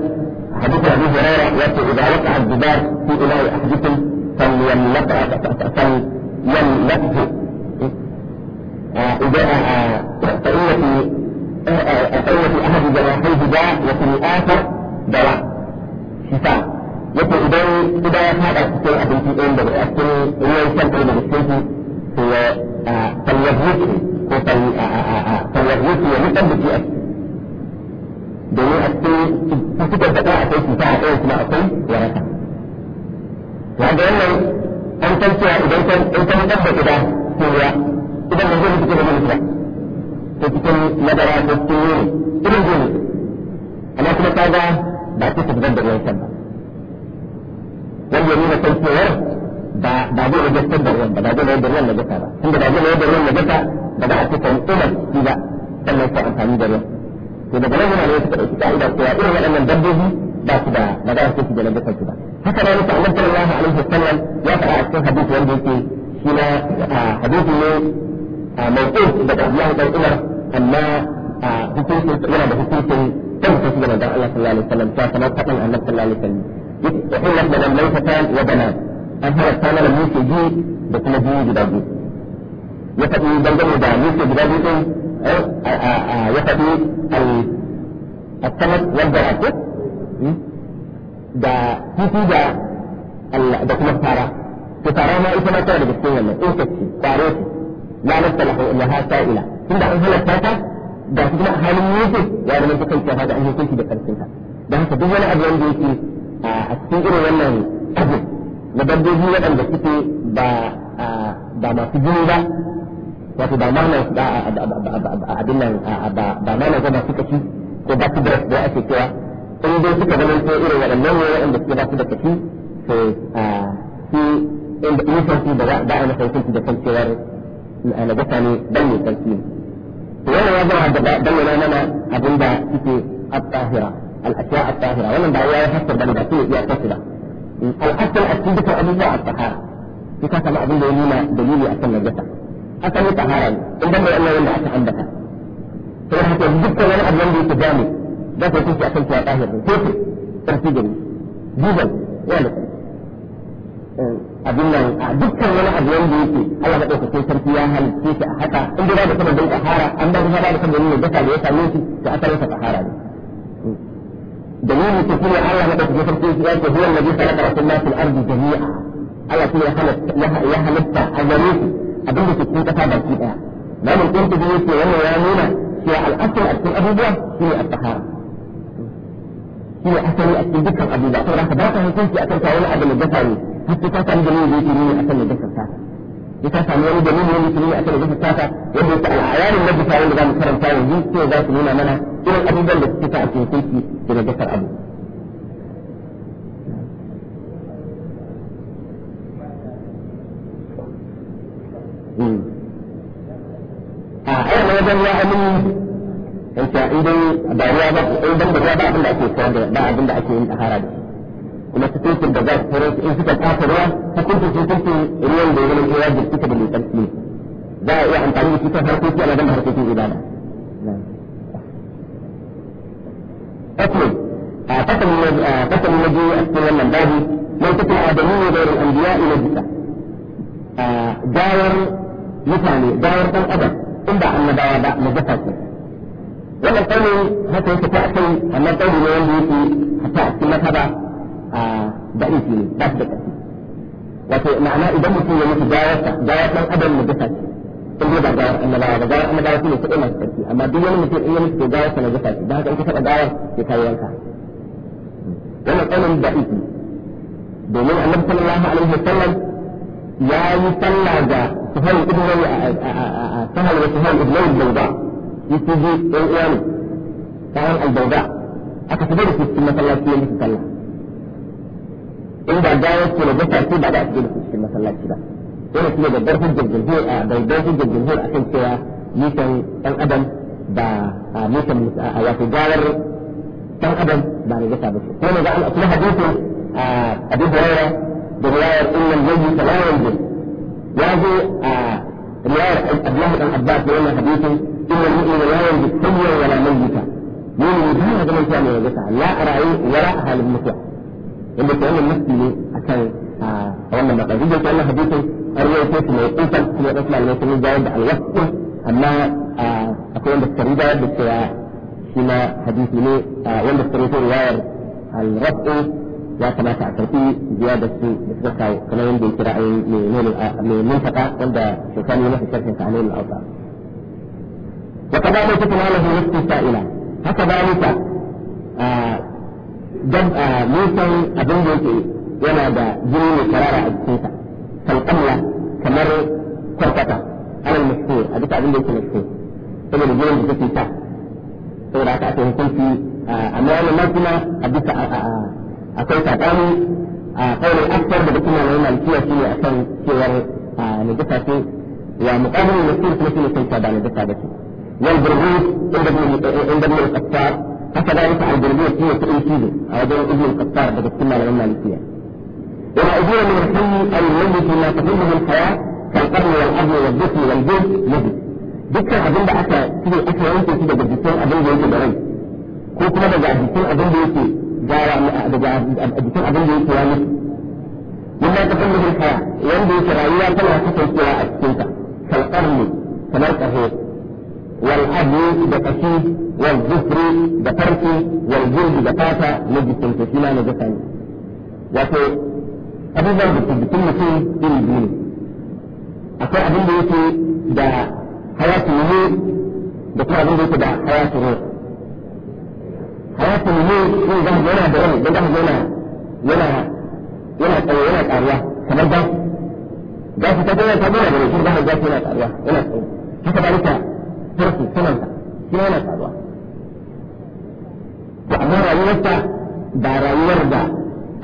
حديث أبي هريرة يأتي إذا وقع الذباب في أحدكم فليملكه إذا فإن في فإن في أحد جناحيه داء وفي الآخر دواء شفاء ya fada cikin abinci ɗin daga cikin ruwan shan ɗin daga cikin to domin a cikin fitar da ɗaya akwai cuta a ɗaya kuma akwai waraka wanda wannan an san cewa idan kan in kan ɗan da gida cewa idan mun zai cikin wani gida ko cikin madara ko cikin yuri irin gini amma kuma ta ga ba ta fitar da ruwan can ba wanda ya nuna kan ba ba zai rage da ruwan ba ba zai rage da ruwan na gasa ba tunda ba zai rage da ruwan na gasa ba za a fitar umar shi ba sannan sai amfani da ruwan to daga nan ne suka dauki ka'ida cewa irin waɗannan dabbobi ba su da magana su da najasa su ba haka nan ta Allah sallallahu alaihi wasallam ya faɗa a cikin hadisi wanda yake shi na hadisi ne mai mauquf daga Abdullah bin Umar amma hukuncin yana da hukuncin tabbata shi da manzon Allah sallallahu alaihi wasallam ta kamar faɗin Allah sallallahu alaihi wasallam yake illa da lallai fatan wa bana an halatta mana musu ji da kuma biyu guda biyu ya faɗi dangane da musu guda biyu Eh, ya faɗi al-samad wal barakut hmm? da titi da da kuma fara to fara ma ita ma tana daga cikin wannan insecti kwaro ce la nasta lahu laha sa'ila tunda an halatta ta da kuma halin yake ya zama ta kai ta da an hukunci da karfin ka da haka duk wani abu wanda yake a cikin irin wannan abu na dabbobi waɗanda suke ba masu jini ba wato ba naman abin nan ba naman zama suka ci ko ba su da da ake cewa in dai suka zama ko irin waɗannan ne waɗanda suke ba su da kaci to su inda in sarki da za a masa hukunci da kan cewar na gasa ne dan ne sarki ne to yana ya zama da ne mana abin da suke al-tahira al-ashiya tahira wannan ba ya hasar bane ba sai ya fassara al-asl a cikin dukkan abubuwa a tahara sai ka samu abin da ya nuna dalili akan najasa asali tahara ne in ban da wannan wanda aka ambata to haka dukkan wani abu wanda yake jami da ko kuke akan cewa tahir ne ko tarfi gari dubal wala abin nan dukkan wani abu wanda yake Allah da ɗaukakin sarki ya halitta shi a haka in ba da kuma dan tahara an ba da da kuma ne daka da ya same shi to asalin rasa tahara ne dalilin ta kuma Allah da ɗaukakin sarki ya ce huwa alladhi khalaqa lakum ma fil ardi jami'a Allah ya halatta ya halitta a gare shi abin da ke cikin kasa baki daya na mun kunta da yake wannan ya nuna cewa al'asar a cikin abubuwa shine at-tahara shine asali a cikin dukkan abubuwa saboda haka ba ta hukunci akan ta wani abu da dafa ne har sai ta samu dalilin da yake nuna akan da ta sai ta samu wani dalilin wani yake nuna akan da gasa ta wanda yake al'ayarin na dafa wanda za mu karanta yanzu sai za su nuna mana irin abubuwan da suke ta a cikin hukunci da gasar abu a ɗaya wajen ya halin in ta idan ba idan ba ba abin da ake da ba abin da ake yin tahara da kuma da za su fara in suka kafa ruwa ruwan da ya suka da za a iya amfani da cutar harkoki a wajen harkokin ibada. النبي بابي تكن آدمي غير الأنبياء داور mutane gawar dan adam in ba annabawa ba na jasa ce wannan kauli haka yake ta akai amma kauli ne wanda yake hata a cikin mata ba a da ne ba su da ƙarfi wato ma'ana idan mutum ya mutu ta gawar dan adam na gafa ce in dai ba gawar annabawa ba gawar annabawa su ne kaɗai masu ƙarfi amma duk wani mutum in ya mutu gawar sa na gafa ce ba haka in ka taɓa gawar ke kai yanka wannan da da'ifi domin annabi sallallahu alaihi wasallam ya yi sallah ga sahal ibn rawi a sahal wa sahal ibn rawi bauda yake ji ɗan uwa ne sahal al-bauda aka shiga da cikin masallaci ya musu sallah inda da ya ce gasa ce ba da ake da cikin masallaci ba yana kuma babbar dar hujjar jumhur a da dar hujjar a kan cewa nisan ɗan adam ba nisan wato gawar ɗan adam ba na gasa ba ko ne ga al'akula hadisin abin da برواية إن الميت لا ينزل وهذه آه، رواية عبد الله بن عباس بأن حديث إن المؤمن لا ينزل حيا ولا ميتا يؤمن بها هذا من كان ينزلها لا أرى وراءها للمطلق اللي كان النفس آه، عشان أولا ما قد جدت أن حديث الرواية كيف موقوفا في الرسول عليه الصلاة والسلام على وقته أما أكون آه، بالسريدة بالسواء فيما حديث مني وين بالسريدة رواية الرفع ya kamata a biya da su da suka kawo kamar yadda ya kira a mai mantaka wanda shekani ya masa sharhin sa'anai na auta wa kada ta kuma na hanyar su sa'ila haka ba nisa dan nisan abin da yake yana da jini mai karara a ta kalkamla kamar kwarkwata alal maskur a duka abin da yake maskur saboda jini da take sa saboda haka ake hukunci amma wannan ma kuma a duka a. akwai sakani a kawai aktar da kuma mai a a akan cewar najasa ce wa muqabil nasir kuma shine sai ta da najasa ba ce wal burghus inda ibn inda ibn haka da yake al ne shine sai shi a wajen ibn al-qattar daga cikin malamin malikiya وما أجير من الحي أو الميت ما تفهمه الحياة كالقرن والأرض والدفن والجلد ne دكتور أبن بحث كده أكل أنت كده بالدكتور أبن بيجي بعيد. كنت ماذا قاعد الدكتور أبن بيجي daga jikin abin da yake wani mun da kafin da hikaya wanda yake rayuwa tana kasancewa a cikin ka kalqarni kamar kaho wal da kashi wal da farki wal jirgi da fata na jikin ka shi ma na jaka ne wato abubuwan da jikin mutum iri biyu ne akwai abin da da hayatu da abin da da hayatul mulk zai zama yana da rai da zama yana yana yana tsaye yana ƙaruwa kamar ba ga su ta gona ta gona da rikin zama gashi yana ƙaruwa yana tsaye haka ba nika farko sananta shi yana ƙaruwa to amma rayuwarsa ba rayuwar da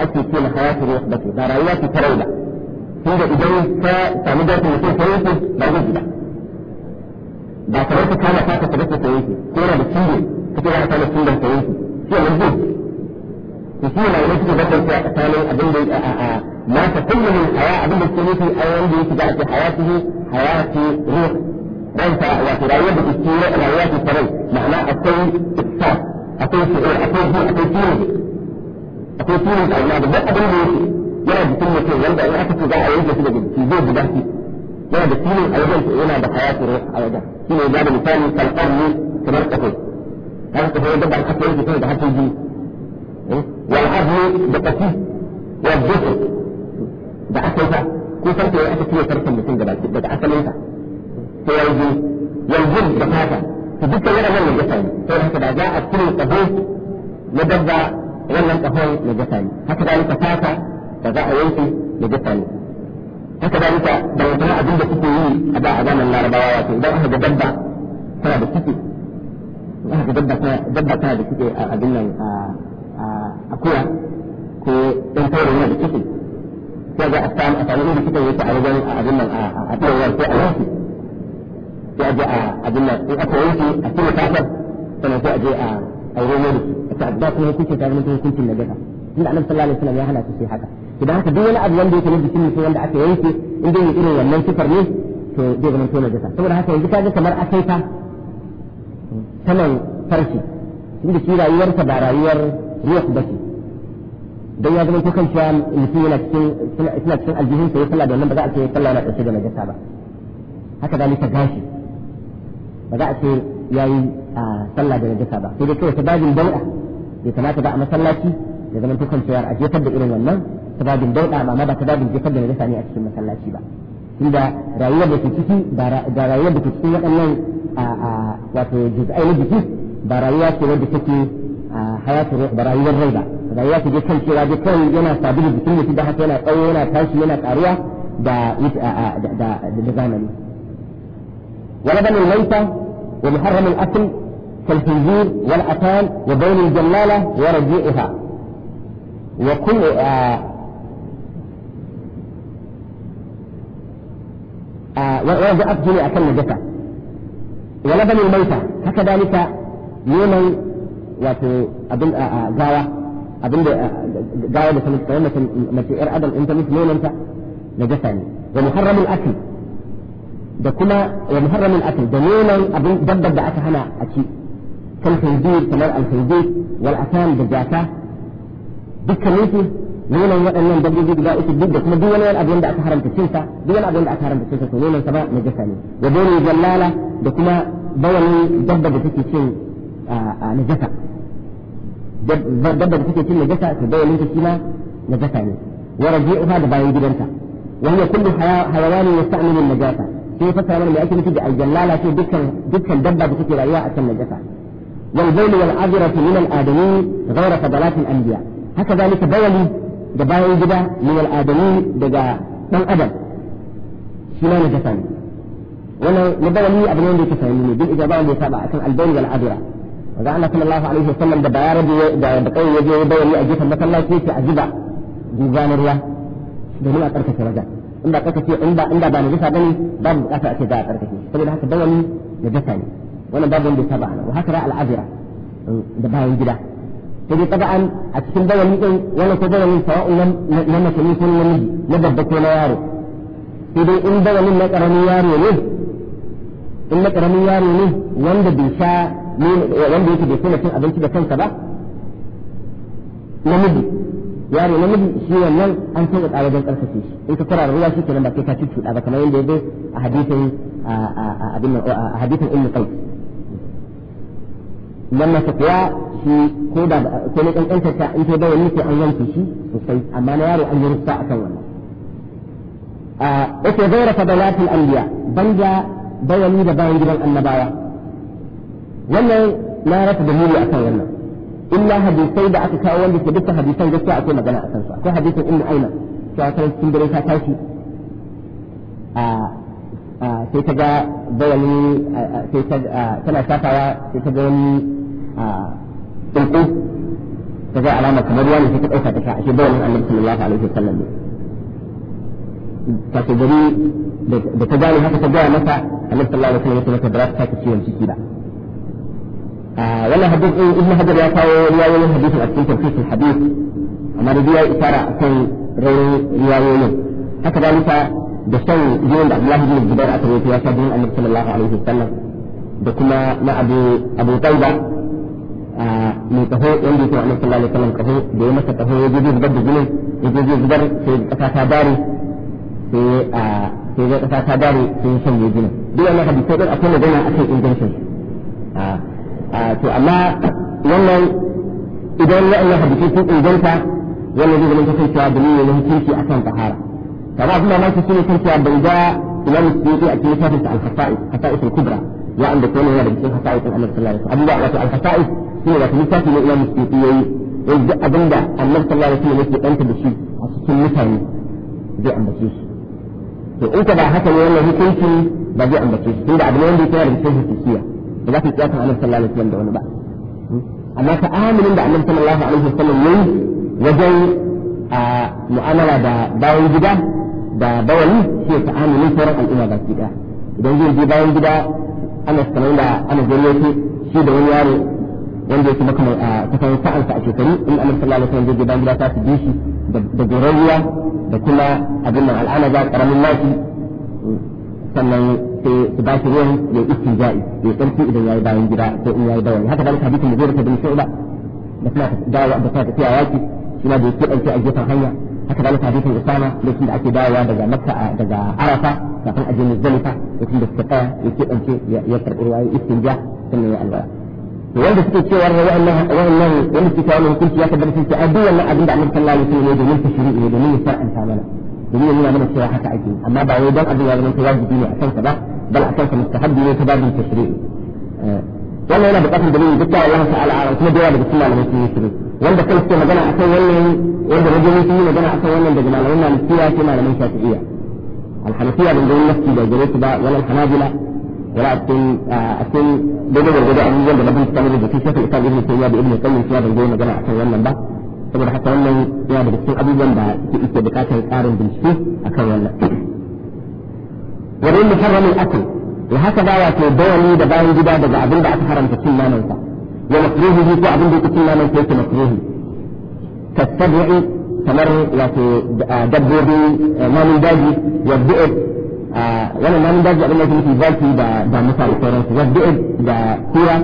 ake ce na hayatul mulk ba ce ba rayuwa ce ta da ba tunda idan ka sami gashi mutum ta yanki ba zai gida ba kamar ka kama ta ka tabbata ta yanki ko yana da ciwo cikin asalin da ta yi shi a wajen shi na yi cikin bakar ta asalin abin da a ما تكون من حياة أبن السنوتي أيام دي تجاه في حياته حياة روح بنت وتراوية بالسيرة روايات السري معناه أتي إكساس أتي شعور أتي دي أتي سيرة أتي سيرة أو ما بالذات أبن السنوتي يلا بكلمة شيء يلا بأي حتى تجاه أيام كده في زوج بحثي يلا بكلمة أيضا أنا بحياة روح أيضا شنو إجابة مثالي كالقرن كما تقول maka fa yadda ba ka yi da hakan yi wa da kafi wa zuku da aka ta ko farko ya aka tuwa tarkan mutum daga asalin ta to yanzu yanzu da fata to duka yana nan ne gasani to haka da za a tuwa kafi na dabba wannan kafin na gasani haka da ka fata da za a yanke na gasani haka da ka da wani abin da kuke yi a da a zamanin larabawa wato idan aka ga dabba tana da kuke haka dabba tana da cike a abin nan a kuwa ko ɗan tauro yana da ciki sai ga a samu a samu inda cikin yake a wajen a abin nan a taurowar sai a yanki sai a je a abin nan in aka yanki a cire fatar sannan sai a je a aure ne a ta abda kuma hukuncin ta zama hukuncin na gaba inda annabi sallallahu alaihi wasallam ya hana su sai haka idan haka duk wani abu wanda yake na jikin mutum wanda aka yanki in dai irin wannan sifar ne to zai zama to na gaba saboda haka yanzu kaga kamar akaifa ta farki inda shi rayuwarsa ba rayuwar ruwa ba ce don ya zama ko kan cewa mutum yana cikin suna cikin aljihun sai sallah da ba za a ce sallah yana ɗauke da najasa ba haka zalika gashi ba za a ce yayi sallah da najasa ba sai dai kawai sababin bai'a ya kamata ba a masallaci ya zama to kan cewa a jefar da irin wannan sababin ba amma ba sababin jefar da najasa ne a cikin masallaci ba tunda rayuwar da ke ciki da rayuwar da ke cikin waɗannan a wato juz'ai na jiki ba rayuwa ce wadda take hayatu ba rayuwar rai ba rayuwa ce kan cewa dai kawai yana sabili jikin mutum da haka yana tsawo yana tashi yana karuwa da da zamani ولبن الميتة ومحرم الأكل كالخنزير والأتان وبين الجلالة ورجيئها وكل ورجعت جميع كل جثة ولبن الميتة haka نونا wato abin a gawa abin da gawa da sanin tsawon mace mace yar adam in ta mutu nonanta na gasa ne wa muharramul akl da kuma wa muharramul akl da nonan abin dabbar da aka hana a ci kan khinzir kamar al khinzir wal asam da jata dukkan su nonon waɗannan dabbobi guda uku duk da kuma duk wani abin da aka haramta cin sa duk wani abin da aka haramta cin sa to nonon sa ba najasa ne wa dole jallala da kuma bawani dabba da take cin a najasa dabba da take cin najasa to bawalin ta shi ma najasa ne wa raji'uha da bayan gidanta wa hiya kullu hayawan yasta'milu najasa sai fa sanar me ake nufi da aljallala sai dukkan dukkan dabba da take rayuwa a kan najasa wal bayl wal azratu min al adami ghayra fadalat al anbiya haka zalika bawali da bayan gida min al'adami daga dan adam shi ne ta ne wannan na bawali abu ne wanda yake sami ne duk ijaba wanda ya saba akan albayni wal adira wanda Allah sallallahu alaihi sallam da bayar da da kai yaje ya bawali a gefen masallaci ke a zuba dubanar ruwa domin a karkace wajen inda karkace inda inda ba najasa ba babu bukata a ce za a karkace saboda haka da ta ne wannan babu wanda ya saba ana wa haka ra al'adira da bayan gida فدي طبعا هتكون دول ميتين ولا تدول من سواء لم لم تميس ولا نجي نبض بطول ياري فدي ان دول ما كرمي ياري ليه ان ما كرمي ياري ليه وند بيشا مين وند بيشا بيشا لكن ابن كده كان كده نمدي ياري نمدي شيء من ان سوت على جنب الفتيش انت ترى الرياضي كده ما كيكاتيش ولا كمان ده ده حديثه ااا ااا حديثه ام قيس wannan sa kuwa shi ko da ko ne kankanta ta in ta bayyana sai an yanke shi sosai amma na yaro an yi rufa akan wannan a yake gaira fadalatul anbiya banja bayani da bayan gidan annabawa wannan na rasa dalili akan wannan illa hadisai da aka kawo wanda ke duka hadisan gaskiya akwai magana a kansa akwai hadisin ibnu aina cewa kan cikin dare ta tashi a sai ta ga bayani sai tana shafawa sai ta ga wani tsuntsu ta zai alama kamar ruwa ne sai ta ɗauka ta sha ashe bawan annabi sallallahu alaihi wasallam ne ta ce gari da ta gane haka ta gaya masa annabi sallallahu alaihi wasallam ya ce mata ba za ta sake ciwon ciki ba wannan hadith din ibnu hajar ya kawo riwayoyin hadisin a cikin tafsir hadith amma da ya isara akan raurin riwayoyin haka dalika da son jinin da Abdullahi Ibn Zubair aka rawaito ya sa jinin annabi sallallahu alaihi wasallam da kuma na Abu Abu Taiba mai taho wanda yake wani sallallahu alaihi wasallam kaho da ya masa taho ya je zubar da jinin ya je zubar sai kasa ta dare sai sai ga kasa ta dare sai ya sanya jinin duk wannan hadisi din akwai magana akan ingancin a to amma wannan idan ya wa'annan hadisi sun inganta wannan zai zama kasance cewa dalili ne hukunci akan tahara kamar abin mamaki shine kan cewa bai ga imam suyuti a cikin littafinsa al-fasa'is al-kubra wa'anda kuma yana da cikin hasa'is din annabi sallallahu alaihi wasallam abubuwa wato al-hasa'is shine wato littafi ne ila musulmi yayi yanzu da annabi sallallahu alaihi wasallam yake danta da shi a cikin mutane zai ambace shi to in ka ba haka ne wannan hukunci ba zai ambace shi tunda abin wanda yake da cikin hukunciya ba za ka tsaya kiyata annabi sallallahu alaihi wasallam da wani ba amma ta aminin da annabi sallallahu alaihi wasallam yayi wajen a mu'amala da bayan gida da bawali shi ta aminin sauran al'umma baki daya idan zai je bayan gida ana sanar da ana gari yake shi da wani yaro wanda yake maka mai kasan sa'ansa a shekaru in annabi sallallahu alaihi wasallam zai gidan gida ta su bi shi da goron da kuma abin nan al'ana za karamin naki sannan sai su ba shi ruwan ya yi istinja'i ya tsarki idan ya yi bayan gida ko in ya yi dawa haka dalika hadisin da zai rika bin shi'ba da kuma da da tafiya yaki suna da da ke ɗauke a gefen hanya haka zalika hadisin Usama lokacin da ake dawowa daga Makka daga Arafa kafin a je Muzdalifa lokacin da suka tsaya ya ke ɗauke ya karɓi ruwa ya istinja sannan ya alwala to wanda suke cewa wa'annan wa'annan wanda suke kawo hukunci ya tabbata sun ce a duk wannan abin da Annabi sallallahu alaihi wasallam ya domin tashri'i ne domin ya faranta mana domin ya nuna mana cewa haka ake amma ba wai dan abin ya zama wajibi ne a kansa ba bal a kansa mustahabbi ne ta babin tashri'i eh, wannan yana buƙatar dalilin dukkan Allah ta'ala a kuma da yawa daga cikin sun yi shiru wanda kai suke magana akan wannan wanda rajulun yi magana akan wannan daga malamin malikiya sai malamin shafi'iyya alhanafiya ban ga nafsi da gare su ba wala alhanabila wala akin akin daga gargada abubuwan da labin tsamin da kisa kai kan ibnu tayyiba da ibnu qayyim sai ban ga magana akan wannan ba saboda haka wannan yana daga cikin abubuwan da yake bukatar karin bincike akan wannan wurin muharramin akal وهكذا يأتي الدولي دبان جدا دبا عبد الله أكثر من تسمى نوسا wa makruhi ko abin da yake sunna ne sai makruhi tasabi'i kamar wato dabbobi namun daji wa bi'ir wannan namun daji abin da yake nufi zaki da da musa da sauransu wa bi'ir da kura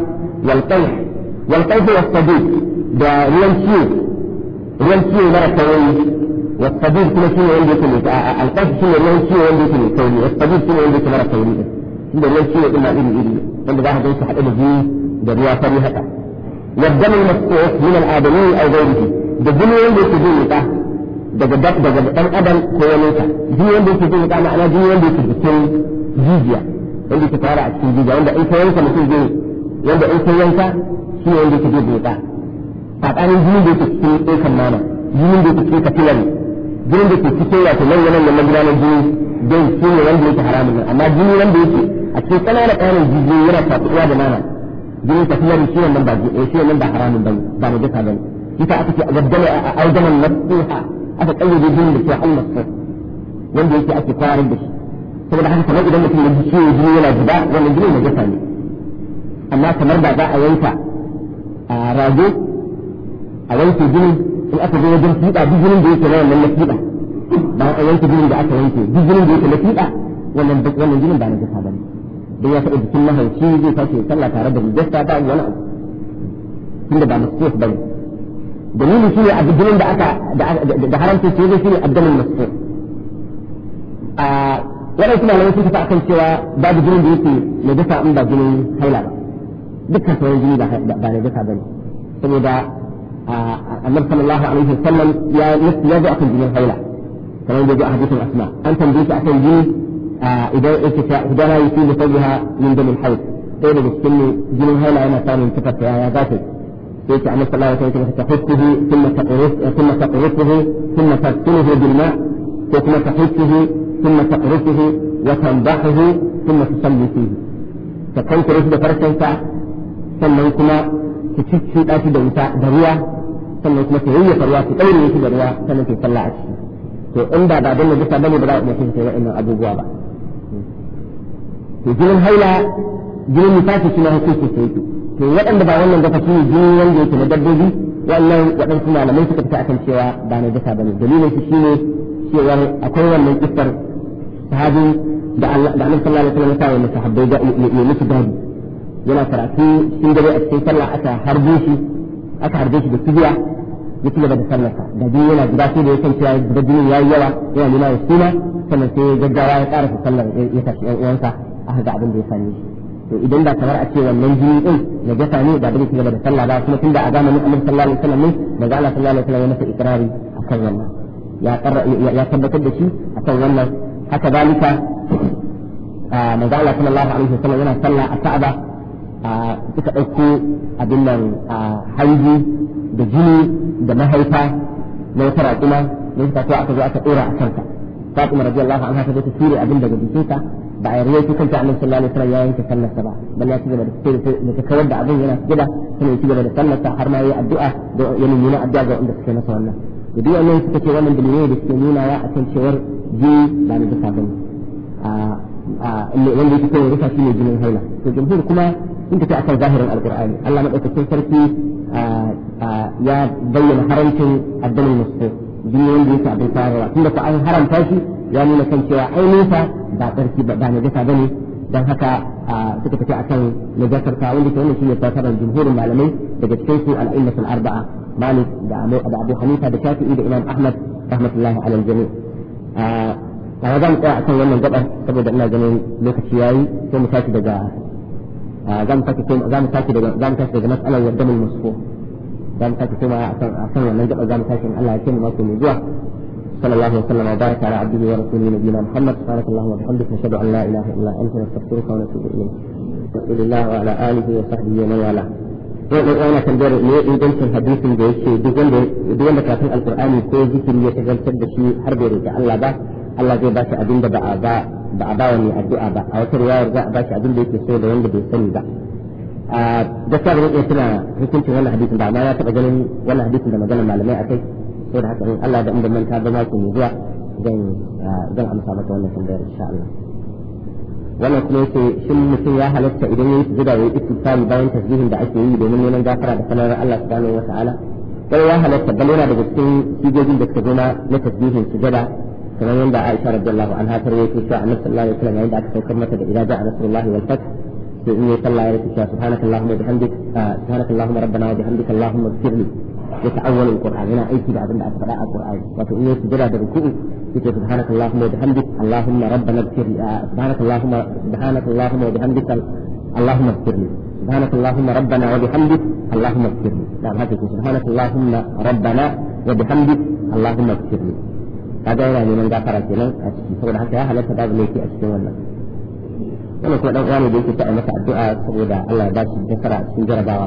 wal qayh wal qayh wa sadiq da ruwan ciwo ruwan ciwo mara tawayi والطبيب كما شنو عندك القصد شنو اللي mara عندك الكوني والطبيب شنو عندك مرة na iri iri شنو إلا إلي إلي عند واحد يصح biyu. da ruwa fari haka yadda mai mas'ud min al-adami aw ghayrihi da jinin da yake jin ta daga dab daga dan adam ko wani ka jinin da yake jin ka ma'ana jinin da yake cikin jijiya wanda yake tara a cikin jijiya wanda in ka yanka mutum zai wanda in ka yanka shi ne wanda yake jin ka tsakanin jinin da yake cikin tsokan nama jinin da yake cikin kafilari jinin da yake cikin wato nan nan nan gudanar jini dai shi ne wanda yake haramun amma jini wanda yake a cikin ƙananan ƙananan jijiyoyi yana tafiya da nama jinin tafiyar shi wannan ba shi wannan ba haramun bane ba na jaka bane yasa aka ce gaddala a aljaman nasuha aka kayyade jinin da ke Allah sai wanda yake ake kwarin da shi saboda haka kamar idan mutum ya ji ciwo jini yana zuba wannan jinin na jaka ne amma kamar ba za a yanka a rago a wanke jinin in aka zo wajen fiɗa duk jinin da yake na wannan na fiɗa ba a yanke jinin da aka yanke duk jinin da yake na fiɗa wannan jinin ba na jaka ba don ya taɓa jikin mahauci zai tashi ya sallah tare da rijista ba wani abu tunda ba masfuf bane dalilin shine abdulin da aka da haramta ce zai shine abdulin masfuf a waɗansu malamai sun tafi akan cewa babu jinin da yake gasa in ba jinin haila ba dukkan sauran jini ba na najasa bane saboda annabi sallallahu alaihi wasallam ya ya zo akan jinin haila kamar da ya zo a hadisin asma an tambaye shi akan jini idan idan ya yi fadliha min damin haid sai daga cikin jinin haila yana samun tafar ta yaya za ta sai ta annabi sallallahu alaihi ta hukkuhu thumma taqruhu thumma taqruhu thumma taqruhu bil ma ko kuma ta hukkuhu thumma taqruhu wa tanbahu thumma tusalli fihi ta kanta rufe da farkon sannan kuma ta cicci dashi da sannan kuma ta yayyafa ruwa ta daure shi sannan a ciki to in ba da bisa bane ba za a iya abubuwa ba to jinin haila jinin nifasi suna ma su. sai yake to waɗanda ba wannan dafa shi ne jinin wanda yake na dabbobi wannan waɗansu malamai suka fita akan cewa ba na dafa ne dalilin su shine cewa akwai wannan kissar sahabi da Allah da Annabi sallallahu alaihi wasallam ya sa musahabbai da ne musu gadi yana karatu cikin dare a cikin sallah aka harbe shi aka harbe shi da kibiya ya ci gaba da sallarsa da biyu yana guda sai da ya san cewa da jinin yawa yana nuna ya suna sannan sai gaggawa ya ƙara sallar ya tafi yan uwansa aka ga abin da ya same shi to idan da kamar a ce wannan jini din na jasa ne da bai gaba da sallah ba kuma tunda a zamanin annabi sallallahu alaihi wasallam ne daga Allah sallallahu alaihi wasallam ya masa ikrari akan wannan ya ya tabbatar da shi akan wannan haka zalika manzo Allah sallallahu alaihi wasallam yana sallah a Ka'aba suka dauko abin nan hanji da jini da mahaifa na wata raƙuma ne suka aka zo aka dora a kanka Fatima radiyallahu anha ta zo ta ture abin daga jikinsa ba a rawaito kanta annabi sallallahu alaihi wasallam ya yanke sallarsa ba bal ya ci gaba da ta kawar da abin yana gida sai ya ci gaba da sallarsa har ma yayi addu'a da yana nuna addu'a ga wanda suke masa wannan da duk wannan suka ce wannan dalilai da suke nuna ya akan cewar ji ba na duka bane a wanda yake kawai rufa shi ne jinin haila to jumhur kuma in ta akan zahirin alqur'ani Allah madaukakin sarki ya bayyana haramcin addinin musu jini wanda yake abin sararwa tunda ko an haramta shi ya nuna kan cewa ainihin sa ba tsarki ba ba ne don haka suka tafi na najasar ta wanda ke shi ne fasarar jumhurin malamai daga cikin su al-ilmatul arba'a malik da abu hanifa da shafi'i da imam ahmad rahmatullahi alal jami' a wajen tsaya kan wannan gabar saboda ina ganin lokaci yayi sai mu tashi daga za mu tashi daga za mu tashi daga mas'alar wadda za mu tashi kuma kan wannan gabar za mu tashi in Allah ya ce mu mako mai zuwa صلى الله وسلم وبارك على عبده ورسوله نبينا محمد سبحانك اللهم وبحمدك نشهد ان لا اله الا انت نستغفرك ونتوب اليك رسول الله وعلى اله وصحبه ومن والاه wannan ana tambayar me ya ingancin hadisin da yake duk wanda kafin alqur'ani ko zikiri ya tagantar da shi har bai roki Allah ba Allah zai ba shi abin da ba a ba ba a addu'a ba a wata riwayar za a ba shi abin da yake so da wanda bai sani ba a gaskiya ba zan iya tuna hukuncin wannan hadisin ba amma na taɓa ganin wannan hadisin da magana malamai akai to da haka in Allah da inda manta ba maki ne zuwa zan ah, zan amsa maka wannan tambayar insha Allah wannan kuma yake shin mutum ya halatta idan yayi sujada yayi istighfar bayan tasbihin da ake yi domin neman gafara da sanar Allah subhanahu wa ta'ala sai ya halatta bal yana daga cikin sigogin da suka zo na tasbihin sujada kamar yadda Aisha radiyallahu anha ta rawaito cewa Annabi sallallahu alaihi wasallam yayin da aka saukar mata da idza a Rasulullah wal fat sai in yi sallah ya rubuta subhanakallahumma wa bihamdika ah, subhanakallahumma rabbana wa bihamdika allahumma ighfirli ya ta'awwala alqur'ani yana aiki da abinda aka faɗa a qur'ani wato in ya sujada da ruku'u yake subhanaka allahumma wa bihamdika allahumma rabbana ighfirli subhanaka allahumma subhanaka allahumma wa bihamdika allahumma ighfirli subhanaka allahumma rabbana wa bihamdika allahumma ighfirli li dan haka yake subhanaka allahumma rabbana wa bihamdika allahumma ighfir li kaga yana neman gafara kenan a ciki saboda haka ya halatta babu laifi a cikin wannan wannan kuma dan uwa ne da yake ta masa addu'a saboda Allah ya ba shi nasara cikin jarabawa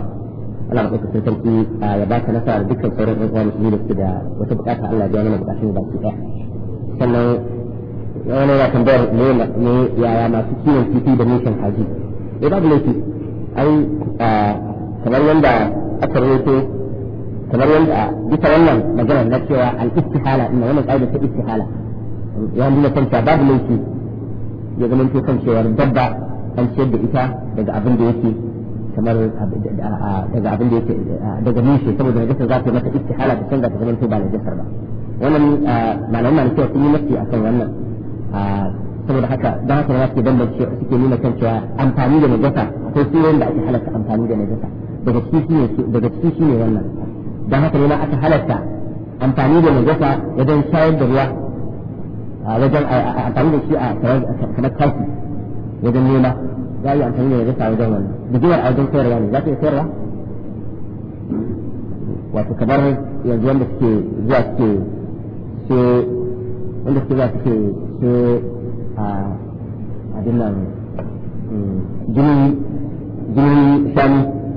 Allah madaukakin sarki ya ba ka nasara dukkan sauran ɗan uwa musulmi da su da wata bukata Allah ya mana bukatun da su ɗaya sannan wani ya tambayar ne ne yaya masu kiwon kifi da nishan haji Ya eh, babu laifi ai kamar yanda aka rawaito kamar yanda bisa wannan maganar na cewa al-istihala inna wannan kaida ta istihala ya nuna kanta babu laifi ya zama to kan cewa dabba an ciyar da ita daga abin da yake kamar ah, daga abin da yake ah, daga mushe saboda najasar za ta yi mata istihala da canza ta zama to ba najasar ba wannan ah, malamin cewa sun yi mafi kan wannan saboda haka don haka za su bambance suke nuna kan cewa amfani da najasa akwai surorin da ake halarta amfani da najasa daga ciki shi daga wannan don haka ne aka halarta amfani da najasa wajen shayar da ruwa wajen amfani da shi a kamar kafi wajen nema za yi amfani da najasa wajen wani bijiyar a wajen sayarwa ne za ta iya sayarwa wato kamar yanzu wanda suke zuwa suke ce wanda suke zuwa suke ce a abin nan jini mm, jinin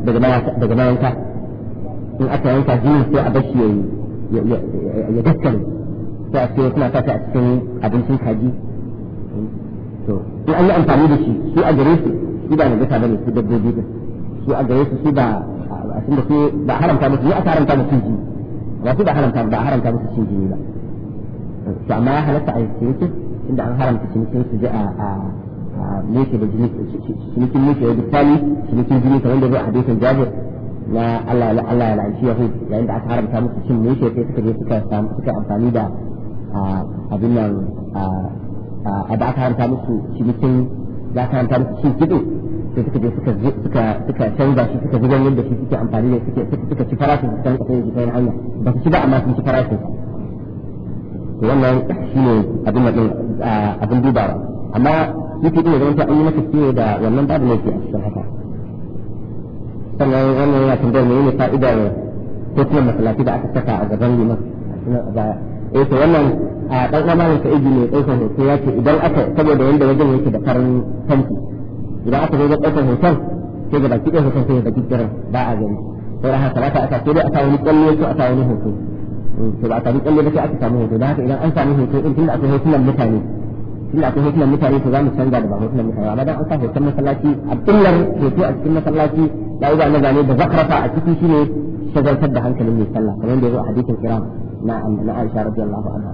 daga mayanka in aka yanka jini sai a bashi ya ya daskare sai a ce suna sa a cikin abincin kaji to in an yi amfani da shi su a gare su su ba najasa bane su dabbobi din su a gare su su ba a da su ba haramta musu ya aka haramta musu jini ba su ba haramta ba haramta musu cin jini ba to amma ya halatta a cikin inda an haramta cinikin su je a a nake da jini cinikin nake da tsani cinikin jini kamar da zai a hadisin Jabir na Allah ya Allah ya lalace Yahud yayin da aka haramta musu cin nake sai suka je suka suka amfani da abin nan a ah, da aka haramta musu cinikin da aka haramta musu shi gido da suka je suka suka canza shi suka zubar yadda shi suke amfani da suke suka ci farashin su san kasance jikin hanya ba su ci ba amma sun ci farashin to wannan shi ne abin din ah, abin dubawa amma yake din da an yi masa ciwo da wannan babu ne ke a cikin haka sannan wannan yana tambayar ne fa'idar ko kuma masalati da aka saka a gaban liman a eh to wannan a dan ne ka iji mai ɗaukar hoto ya ce idan aka saboda yanda wajen yake da farin tanki idan aka zo ga ɗaukar hoton sai ga baki ɗaukar hoton sai ga baki ba a gani sai da haka ta aka sai dai aka wani tsalle ko aka wani hoto eh, to ba a sami tsalle ba sai aka samu hoto da haka idan an samu hoto din tunda aka hotunan mutane tunda akwai hotunan mutane to za mu canza da ba hotunan mutane amma dan an sa hoton masallaci a billar hoto a cikin masallaci da ya zane da zakrafa a shi shine shagaltar da hankalin mai sallah kamar da ya zo a hadisin kiram na na Aisha radiyallahu anha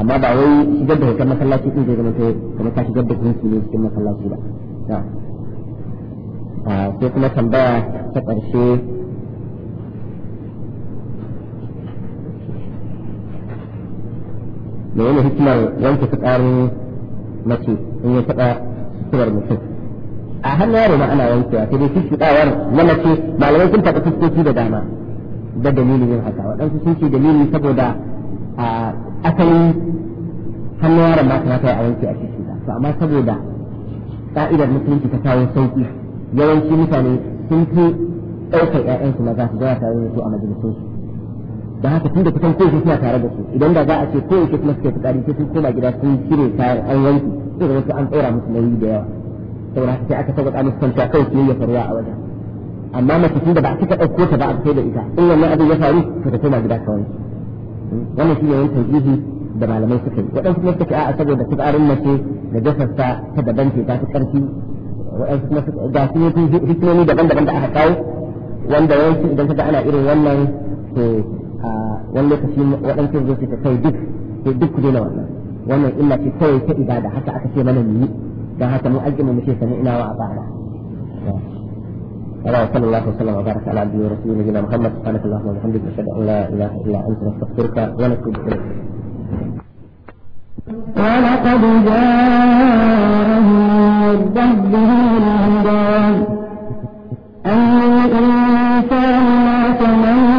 amma ba wai shigar da kan masallaci din zai zama sai ka shigar da kunki ne cikin masallaci ba ah, sai kuma tambaya ta ƙarshe da wani hikimar wanke fitsarin mace in ya taɓa suturar mutum a hannun yaro ma ana wankewa sai dai shi fitsawar na mace malamai sun taɓa fuskoki da dama da dalilin yin haka waɗansu sun ce dalili saboda a asalin hannun yaron ba yi a wanke a cikin ba to amma saboda ƙa'idar musulunci ta kawo sauki yawanci mutane sun fi ɗaukar ‘ya'yansu maza su zama tare da su a majalisun su da haka tun da kusan kowace suna tare da su idan da za a ce kowace kuma suke fitsari sai sun koma gida sun cire kayan an yanki sai da wasu an tsora musu nauyi da yawa saboda haka sai aka sauƙaƙa musu a kawai su yayyafa ruwa a wajen amma mace tun da ba a cika ɗauko ta ba a kai da ita in wannan abin ya faru to ta koma gida kawai wannan shine wani tauhidi da malamai suka yi waɗansu kuma suka a'a saboda fitsarin mace da jasarsa ta daban ce ta fi ƙarfi waɗansu kuma ga su yi hikimomi daban-daban da aka kawo wanda yawanci idan ka ga ana irin wannan to wani lokaci waɗansu zai suka kai duk sai eh, duk kuje na wannan wannan illa ce kawai ta ibada haka aka ce mana mu yi don haka mu alƙima mu ce sami ina wa a ba'ala. وصلى الله وسلم وبارك على عبده ورسوله نبينا محمد سبحانك اللهم وبحمدك اشهد ان لا اله الا انت نستغفرك ونتوب اليك ولقد جاءهم من ربهم الهدى أن الإنسان ما تمنى